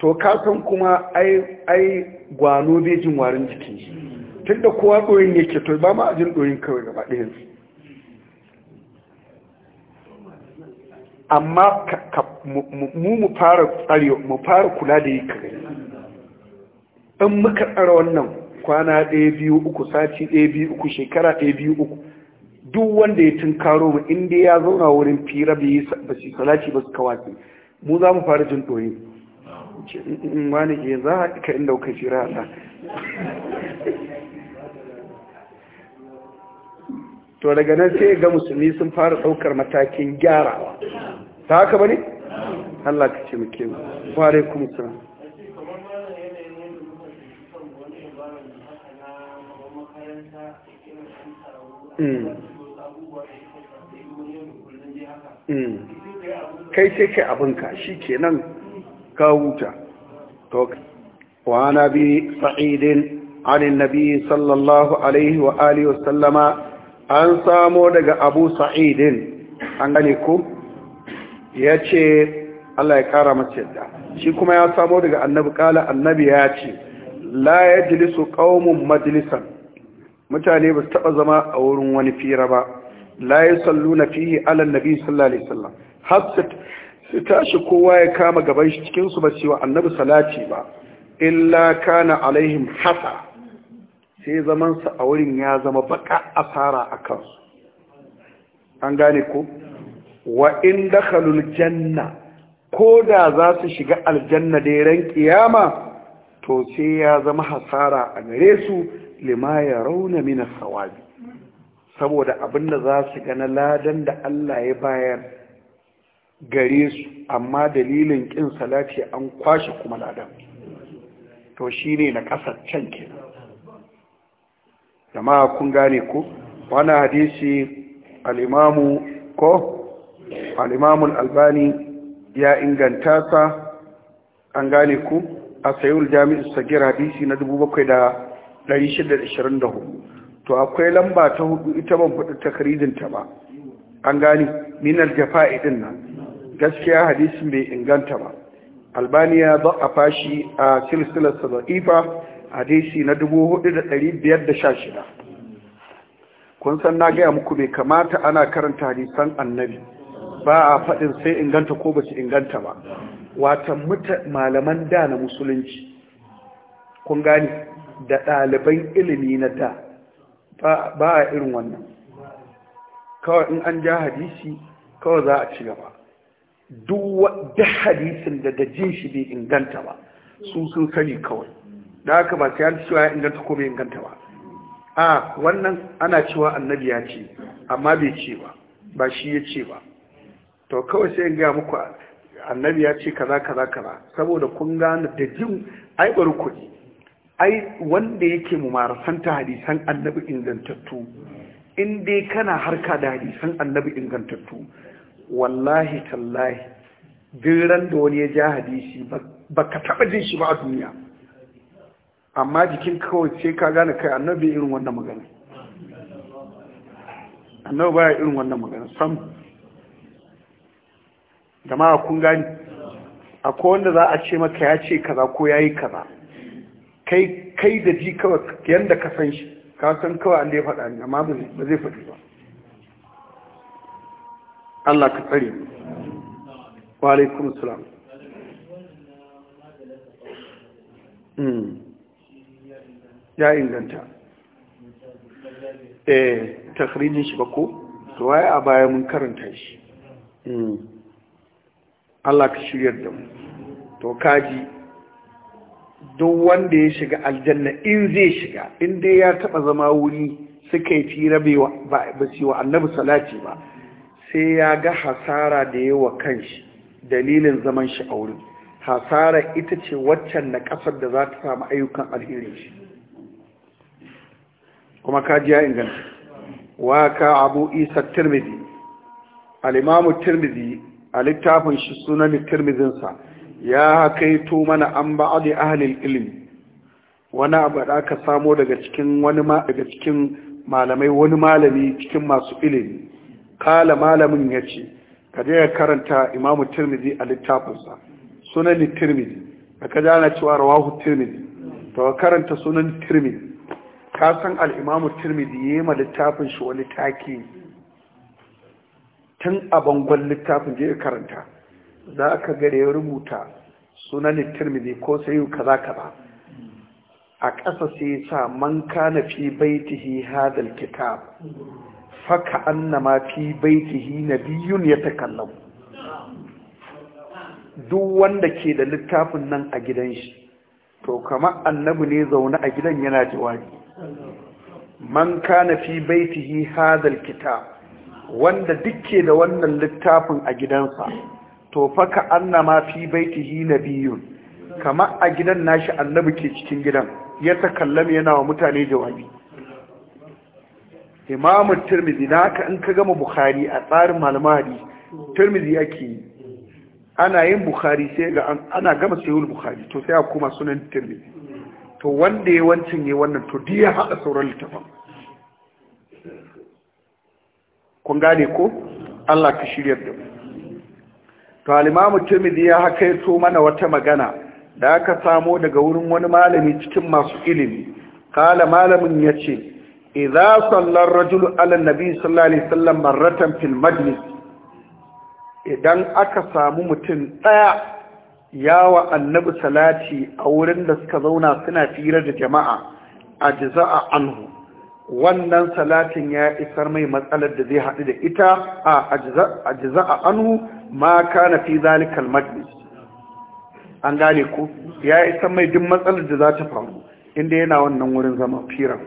Speaker 1: to ka kuma ai gwano bai jin warin jiki da kowa ɗoyin yake to ba ma ajin ɗoyin kawai gaba ɗaya su amma mu mu fara mu fara kula da yi kare in muka tsara wannan kwana ɗaya biyu uku sati ɗaya biyu uku shekara ɗaya biyu uku duk wanda ya tunkaro mu inda ya zauna wurin fira ba su salati ba su kawace mu za mu fara jin ɗoyi mm, mm, mm, wani ke za a ka inda kai shira a to daga nan sai ga musulmi sun fara ɗaukar matakin gyarawa ta haka ba ne? Allah ka ce muke mu wa alaikum sun
Speaker 2: Mm. Mm. kai
Speaker 1: sai kai abinka shi ke ka huta to wa bi sa'idin anin nabi sallallahu alaihi wa alihi wasallama an samo daga abu sa'idin an gane ku ya ce Allah ya kara mace da shi kuma ya samo daga annabi kala annabi ya ce la yajlisu qaumun majlisan mutane ba su taba zama a wurin wani fira ba la yusalluna fihi ala annabi sallallahu alaihi wasallam hatta su tashi kowa ya kama gaban shi cikinsu ba cewa annabi salati ba illa kana alaihim hasa sai zaman sa a wurin ya zama baka asara a kansu. an gane ko wa in dakhalul janna ko da za su shiga aljanna da ran kiyama to sai ya zama hasara a gare su lima ya rauna mini sawabi saboda abin da za su gana ladan da Allah ya bayar gare su amma dalilin ƙin salati an kwashe kuma ladan to shi ne na ƙasar can ke jama'a kun gane ku wani hadisi al'imamu ko al'imamun albani ya inganta sa an gane ku a sayul jami'in sagir hadisi na 7,624 to akwai lamba ta hudu ita ban faɗi takaridinta ba an gani minar jafa'i din nan gaskiya hadisin bai inganta ba albaniya ba a fashi a silsilar sada'ifa hadisi na 4,516 kun san na gaya muku bai kamata ana karanta hadisan annabi ba a faɗin sai inganta ko ba inganta ba watan malaman da na musulunci kun gani da ɗaliban ilimi na da ba a irin wannan kawai in an ja hadisi kawai za a ci gaba duk hadisin da da jin shi bai inganta ba su sun sani kawai da aka ba sai an cewa ya inganta ko bai inganta ba a wannan ana cewa annabi ya ce amma bai ce ba ba shi ya ce ba to kawai sai in gaya muku annabi ya ce kaza kaza kaza saboda kun gane da jin aibar kuɗi ai wanda yake mumarasanta hadisan annabi ingantattu in dai kana harka da hadisan annabi ingantattu wallahi tallahi ran da wani ya ja hadisi ba ka taɓa jin shi ba a duniya amma jikin kawai sai ka gane kai annabi irin wannan magana annabi baya irin wannan magana sam jama'a kun gani akwai wanda za a ce maka ya ce kaza ko ya yi kaza kai kai da ji kawai yadda ka san shi ka san kawai an da ya faɗa ne amma ba zai faɗi ba Allah ka tsare wa alaikum salam hmm. ya inganta eh takhrijin shi ba ko to waye a baya mun karanta shi hmm. Allah ka shiryar da mu to kaji duk wanda ya shiga aljanna in zai shiga in dai ya taba zama wuri suka yi fira ba ci wa annabi salati ba sai ya ga hasara da yawa kanshi dalilin zaman shi a wurin hasara ita ce waccan na kasar da za ta samu ayyukan alherin shi kuma kaji ya inganta wa ka abu isa tirmidhi al-imamu a littafin shi sunan tirmidhinsa ya kaito mana an ba'adi ahalin ilimi. wani abu da aka samo daga cikin wani daga cikin malamai wani malami cikin masu ilimi kala malamin ya ce ka je ka karanta imamu tirmidhi a littafinsa sunan tirmidhi da ka jana cewa rawahu tirmidhi to ka karanta sunan tirmidhi ka san al-imamu tirmidhi yayi ma littafin shi wani taki tun a bangon littafin je ka karanta za ka gare ya rubuta sunanin tirmidhi ko sai yi kaza kaza a ƙasa sai ya sa man kana fi baitihi hadal kitab faka annama fi baitihi nabiyun ya kallon. duk wanda ke da littafin nan a gidan shi to kama annabi ne zaune a gidan yana jawabi man kana fi baitihi hadal kitab wanda duk ke da wannan littafin a gidansa to fa ka annama fi baitihi nabiyun kama a gidan nashi annabi ke cikin gidan ya takallama yana wa mutane jawabi imamu tirmidhi da haka in ka gama bukhari a tsarin malamari tirmidhi yake yi ana yin bukhari sai ga ana gama sayul bukhari to sai a kuma sunan tirmidhi to wanda ya wancin ya wannan to diya haɗa sauran littafin kun gane ko Allah ka shirya da mu to al ya tirmidhi ya mana wata magana da aka samo daga wurin wani malami cikin masu ilimi kala malamin yace idza sallar rajulu ala nabi sallallahu alaihi wasallam marratan fil majlis idan aka samu mutum daya yawa annabi salati a wurin da suka zauna suna fira da jama'a ajza'a anhu wannan salatin ya isar mai matsalar da zai haɗu da ita a ajza'a anhu ma kana fi zalikal majlis an gane ku ya isa mai duk matsalar da za ta faru inda yana wannan wurin zama firan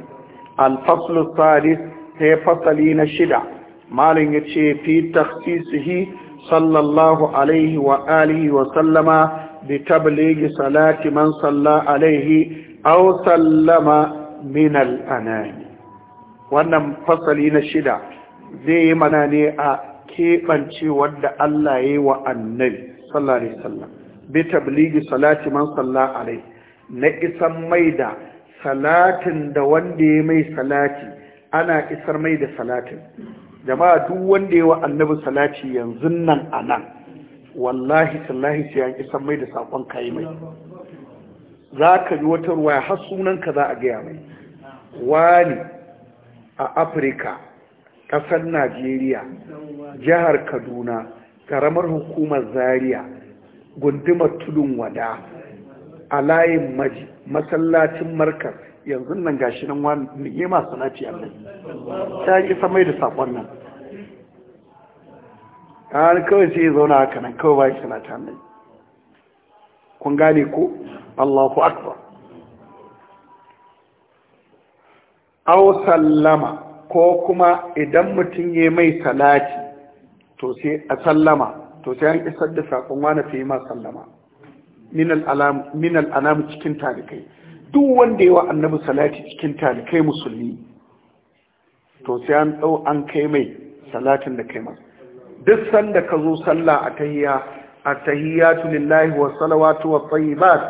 Speaker 1: alfaslu sadis sai fasali na shida malin ya ce fi tafsisihi sallallahu alaihi wa alihi wa sallama bi tabligi salati man salla alaihi aw sallama min al wannan fasali na shida zai yi mana ne a keɓance wadda Allah ya yi wa annabi sallallahu alaihi wasallam bi tabligi salati man salla alai na isan mai da salatin da wanda ya mai salati ana isar mai da salatin jama'a duk wanda ya wa annabi salati yanzu nan a nan wallahi tallahi sai an isar mai da saƙon kayi mai za ka ji wata ruwa har sunanka za a gaya mai wani a afirka ƙasar najeriya jihar kaduna ƙaramar hukumar zaria gundumar tudun wada a layin maji masallacin markar yanzu nan gashi nan wani ne masu naci allai
Speaker 2: ta yi samai da
Speaker 1: sakon nan an kawai sai ya zauna haka nan kawai ba shi ta nan kun gane ko allahu akbar aw sallama ko kuma idan mutum ya mai salati to sai a sallama to sai an isar da saƙon wani sai ma sallama min al'anamu cikin talikai duk wanda yawa annabi salati cikin talikai musulmi to sai an ɗau an kai mai salatin da kai masu duk sanda ka zo sallah a tahiya, a tahiya lillahi wa salawatu wa tayyibat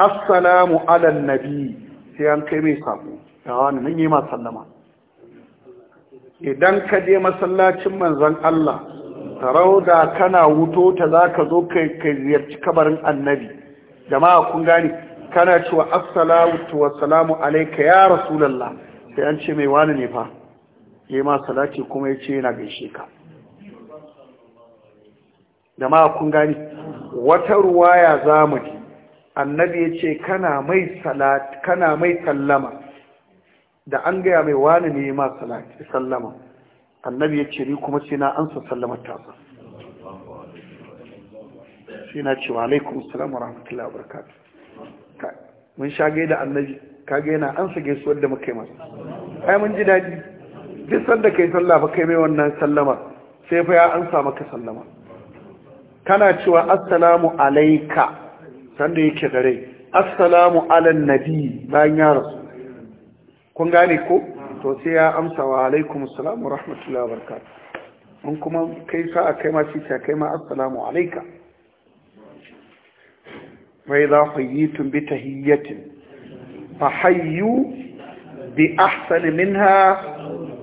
Speaker 1: assalamu ala nabi sai an kai mai sako da wani nan yi ma sallama idan ka je masallacin manzon Allah rauda kana wuto ta ka zo ka kai ziyarci kabarin annabi jama'a kun gane kana cewa wa salamu alayka ya rasulullah sai an ce mai wani ne fa yayi ma salati kuma yace yana gaishe ka jama'a kun gane wata ruwaya zamu ji annabi yace kana mai salat kana mai sallama da an gaya mai wani ne ma sallama annabi ya ce ni kuma sai na ansa sallamar tasa sai na cewa alaikum salam wa rahmatullahi wa
Speaker 2: barakatuh
Speaker 1: mun shage da annabi kage yana ansa gaisuwar da muka yi masa ai mun ji daɗi duk sanda kai sallah ba kai mai wannan sallama sai fa ya ansa maka sallama kana cewa assalamu alayka. sanda yake da rai assalamu alan nabi bayan ya rasu kun gane ko to sai ya amsa wa alaikum assalam wa rahmatullahi wa barakatuh mun kuma kai sa'a kai ma shi kai ma assalamu alayka wa idha hayyitum bi tahiyyatin fa hayyu bi ahsan minha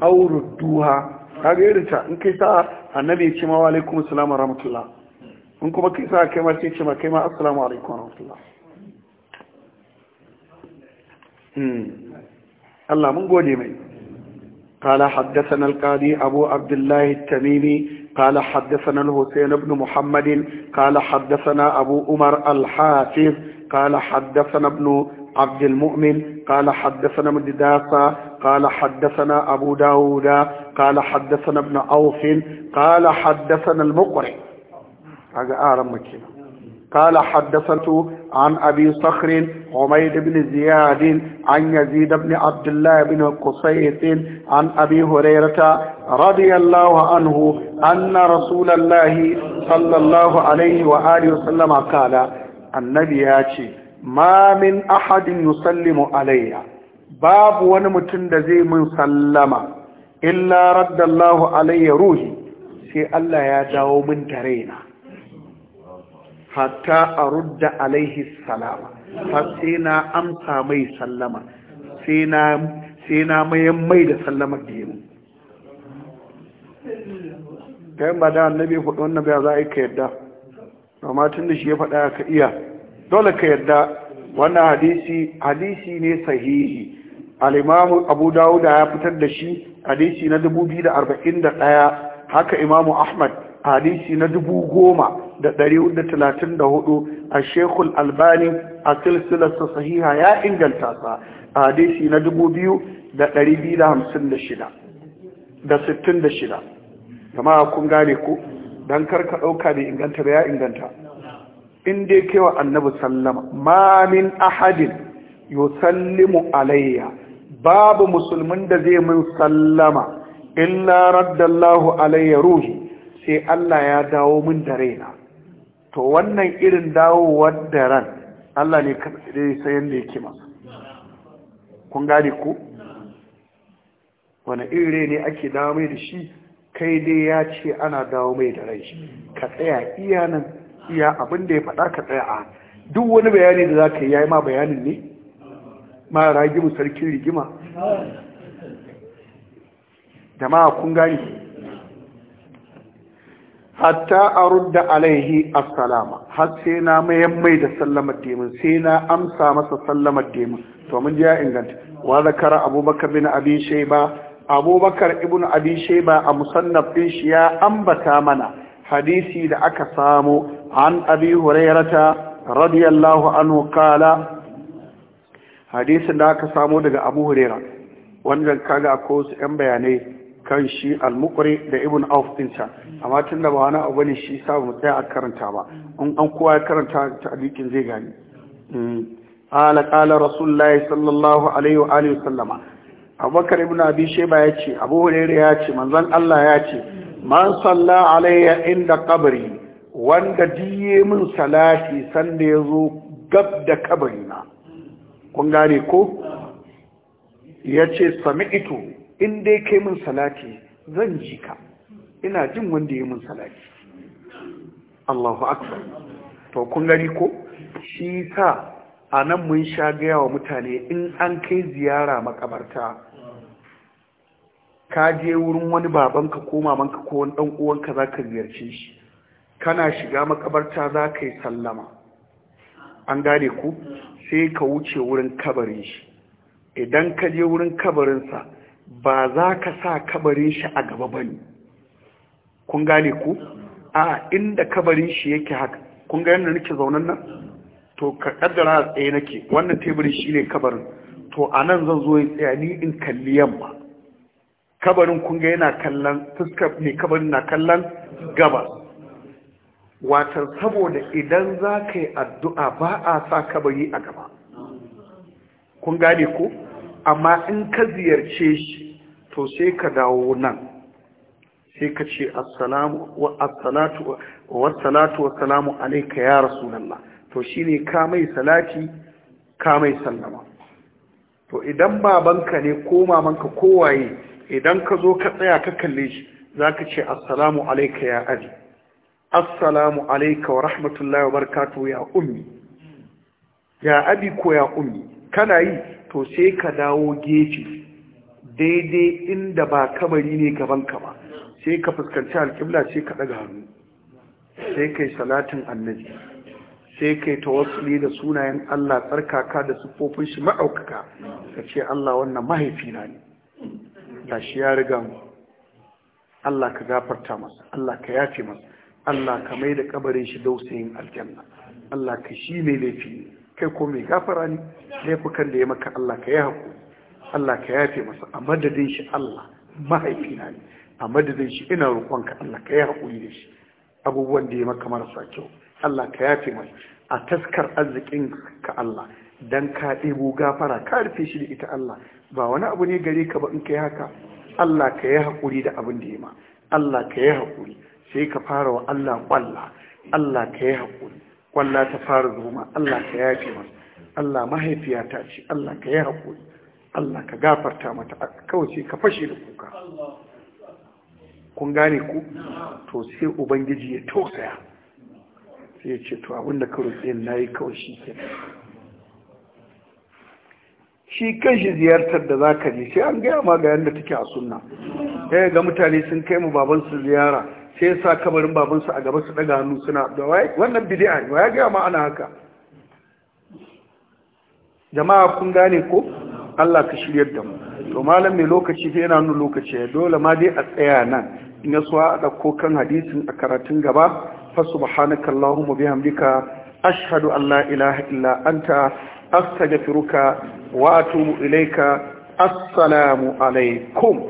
Speaker 1: aw rudduha kaga irin ta in kai sa'a annabi ce ma wa alaikum assalam wa rahmatullah mun kuma kai sa'a kai ma shi ce ma kai ma assalamu alaikum wa rahmatullah hmm. Allah mun gode mai. Kala haddasa alkali Abu Abdullahi Tamimi, kala haddasa na Hussein ibn Muhammadin, kala haddasa na Abu Umar Al-Hafiz, kala haddasa na ibn Abdulmumin, kala haddasa na Mudidasa, kala haddasa na Abu Dawuda, kala haddasa na ibn Aufin, kala haddasa na Al-Mukwari. A ga aran mutum. Kala haddasa عن أبي صخر حميد بن زياد عن يزيد بن عبد الله بن قصيت عن أبي هريرة رضي الله عنه أن رسول الله صلى الله عليه وآله وسلم قال النبي ياتي ما من أحد يسلم علي باب ونمتن دزي من سلم إلا رد الله علي روحي sai Allah ya dawo min tarena hatta a rudda alaihi salama har sai na amsa mai sallama sai na mayan mai da sallama da yi mu ba da annabi faɗi wannan ba za a yi ka yadda amma tun da shi ya faɗa ka iya dole ka yadda wannan hadisi hadisi ne sahihi al'imamu abu dawuda ya fitar da shi hadisi na 2041 haka imamu ahmad hadisi na dubu goma 1434 a shekul albani a silsilarsa sahiha ya inganta sa a hadisi na 2256 da 66 kama kun gane ku don karka ɗauka da inganta ba ya inganta in dai kewa annabi sallama mamin min ahadin yusallimu alayya babu musulmin da zai min sallama illa raddallahu alayya ruhi sai Allah ya dawo min da raina to wannan irin dawowar da ran Allah ne kaɗai sayan da yake masu kun gane ku? wani ire ne ake dawo mai da shi kai dai ya ce ana dawo mai da rai shi ka tsaya iya nan iya abinda ya faɗa ka tsaya a duk wani bayani da za ka yi ya yi ma bayanin ne ma ragimu sarkin rigima jama'a kun gani hatta arudda alaihi assalama har sai na mayan mai da sallamar demin sai na amsa masa sallamar demin to mun ji ya inganta wa zakara abubakar bin abi shayba abubakar ibn abi shayba a musannaf din shi ya ambata mana hadisi da aka samu an abi hurairata radiyallahu anhu kala hadisin da aka samu daga abu huraira wannan kaga akwai wasu yan bayanai kan shi al-muqri da ibn auf din ta amma tunda ba wani abu ne shi sa mu tsaya a karanta ba in an kowa ya karanta alikin zai gani mm. ala qala rasulullahi sallallahu alaihi wa alihi sallama abubakar ibn abi shayba yace abu hurairah yace manzon Allah yace man salla alayya inda kabari wanda diye min salati sanda ya zo gab da kabari na kun gane ko yace sami'tu in dai kai min salati zan ji ka ina jin wanda ya min salati Allahu akbar to kun gani ko shi sa a nan mun sha gaya wa mutane in an kai ziyara makabarta ka je wurin wani babanka ko mamanka ko wani dan uwanka za ka ziyarce shi kana shiga makabarta za yi sallama an gane ku sai ka wuce wurin kabarin shi idan ka je wurin kabarinsa ba za ka sa kabarin shi a gaba ba ne kun gane ku a inda kabarin shi yake haka kun ga yadda nake zaunan nan to ka kaddara a tsaye nake wannan teburin shi ne kabarin to a nan zan zo yin tsaya ni in kalli yamma kabarin kun ga yana kallon fuskar ne kabarin na kallon gaba watan saboda idan za ka yi addu'a ba a sa kabari a gaba kun gane ku? amma in ka ziyarce shi to sai ka dawo nan sai ka ce assalatu Salamu alaika ya rasulallah to shine ka mai salati ka mai sallama to idan babanka ne ko mamanka kowaye idan ka zo ka tsaya ka kalle shi zaka ce assalamu alaika ya abi assalamu alaika wa rahmatullahi wa barakatuh ya ummi ya abi ko ya ummi kana yi to sai ka dawo gefe daidai inda ba kamari ne gaban ka ba sai ka fuskanci alƙibla sai ka ɗaga hannu sai ka yi salatin annabi sai ka kai tawassuli da sunayen Allah tsarkaka da siffofin shi ma'aukaka ka ce Allah wannan mahaifina ne da shi ya riga mu Allah ka gafarta masa Allah ka yafe masa Allah ka mai da kabarin shi dausayin aljanna Allah ka shi mai laifi ne kai ko mai gafara ne laifukan da ya maka Allah ka yi haƙu Allah ka yafe masa a madadin shi Allah mahaifina ne a madadin shi ina roƙonka Allah ka yi haƙuri da shi abubuwan da ya maka marasa kyau Allah ka yafe masa a taskar arzikin ka Allah dan ka ɗebo gafara ka rufe shi da ita Allah ba wani abu ne gare ka ba in kai haka Allah ka yi haƙuri da abin da ya ma Allah ka yi haƙuri sai ka fara wa Allah ƙwalla Allah ka yi haƙuri kwalla ta fara zoma Allah ka yafe mata Allah mahaifiyata ce Allah ka yi haƙuri Allah ka gafarta mata a kawace ka fashe da kuka kun gane ku to sai ubangiji ya tausaya sai ya ce to abinda ka roƙe na yi kawai shi ke shi kan shi ziyartar da za ka je sai an gaya ma ga yadda take a sunna ya ga mutane sun kai mu babansu ziyara sai ya sa kabarin babansu a gaba su daga hannu suna da wannan bidi'a ne ya gaya ma'ana haka jama'a kun gane ko Allah ka shiryar da mu to malam mai lokaci sai yana nuna lokaci ya dole ma dai a tsaya nan in ya so a dauko kan hadisin a karatun gaba fa subhanaka allahumma bihamdika ashhadu an la ilaha illa anta astaghfiruka wa atubu ilaika assalamu alaikum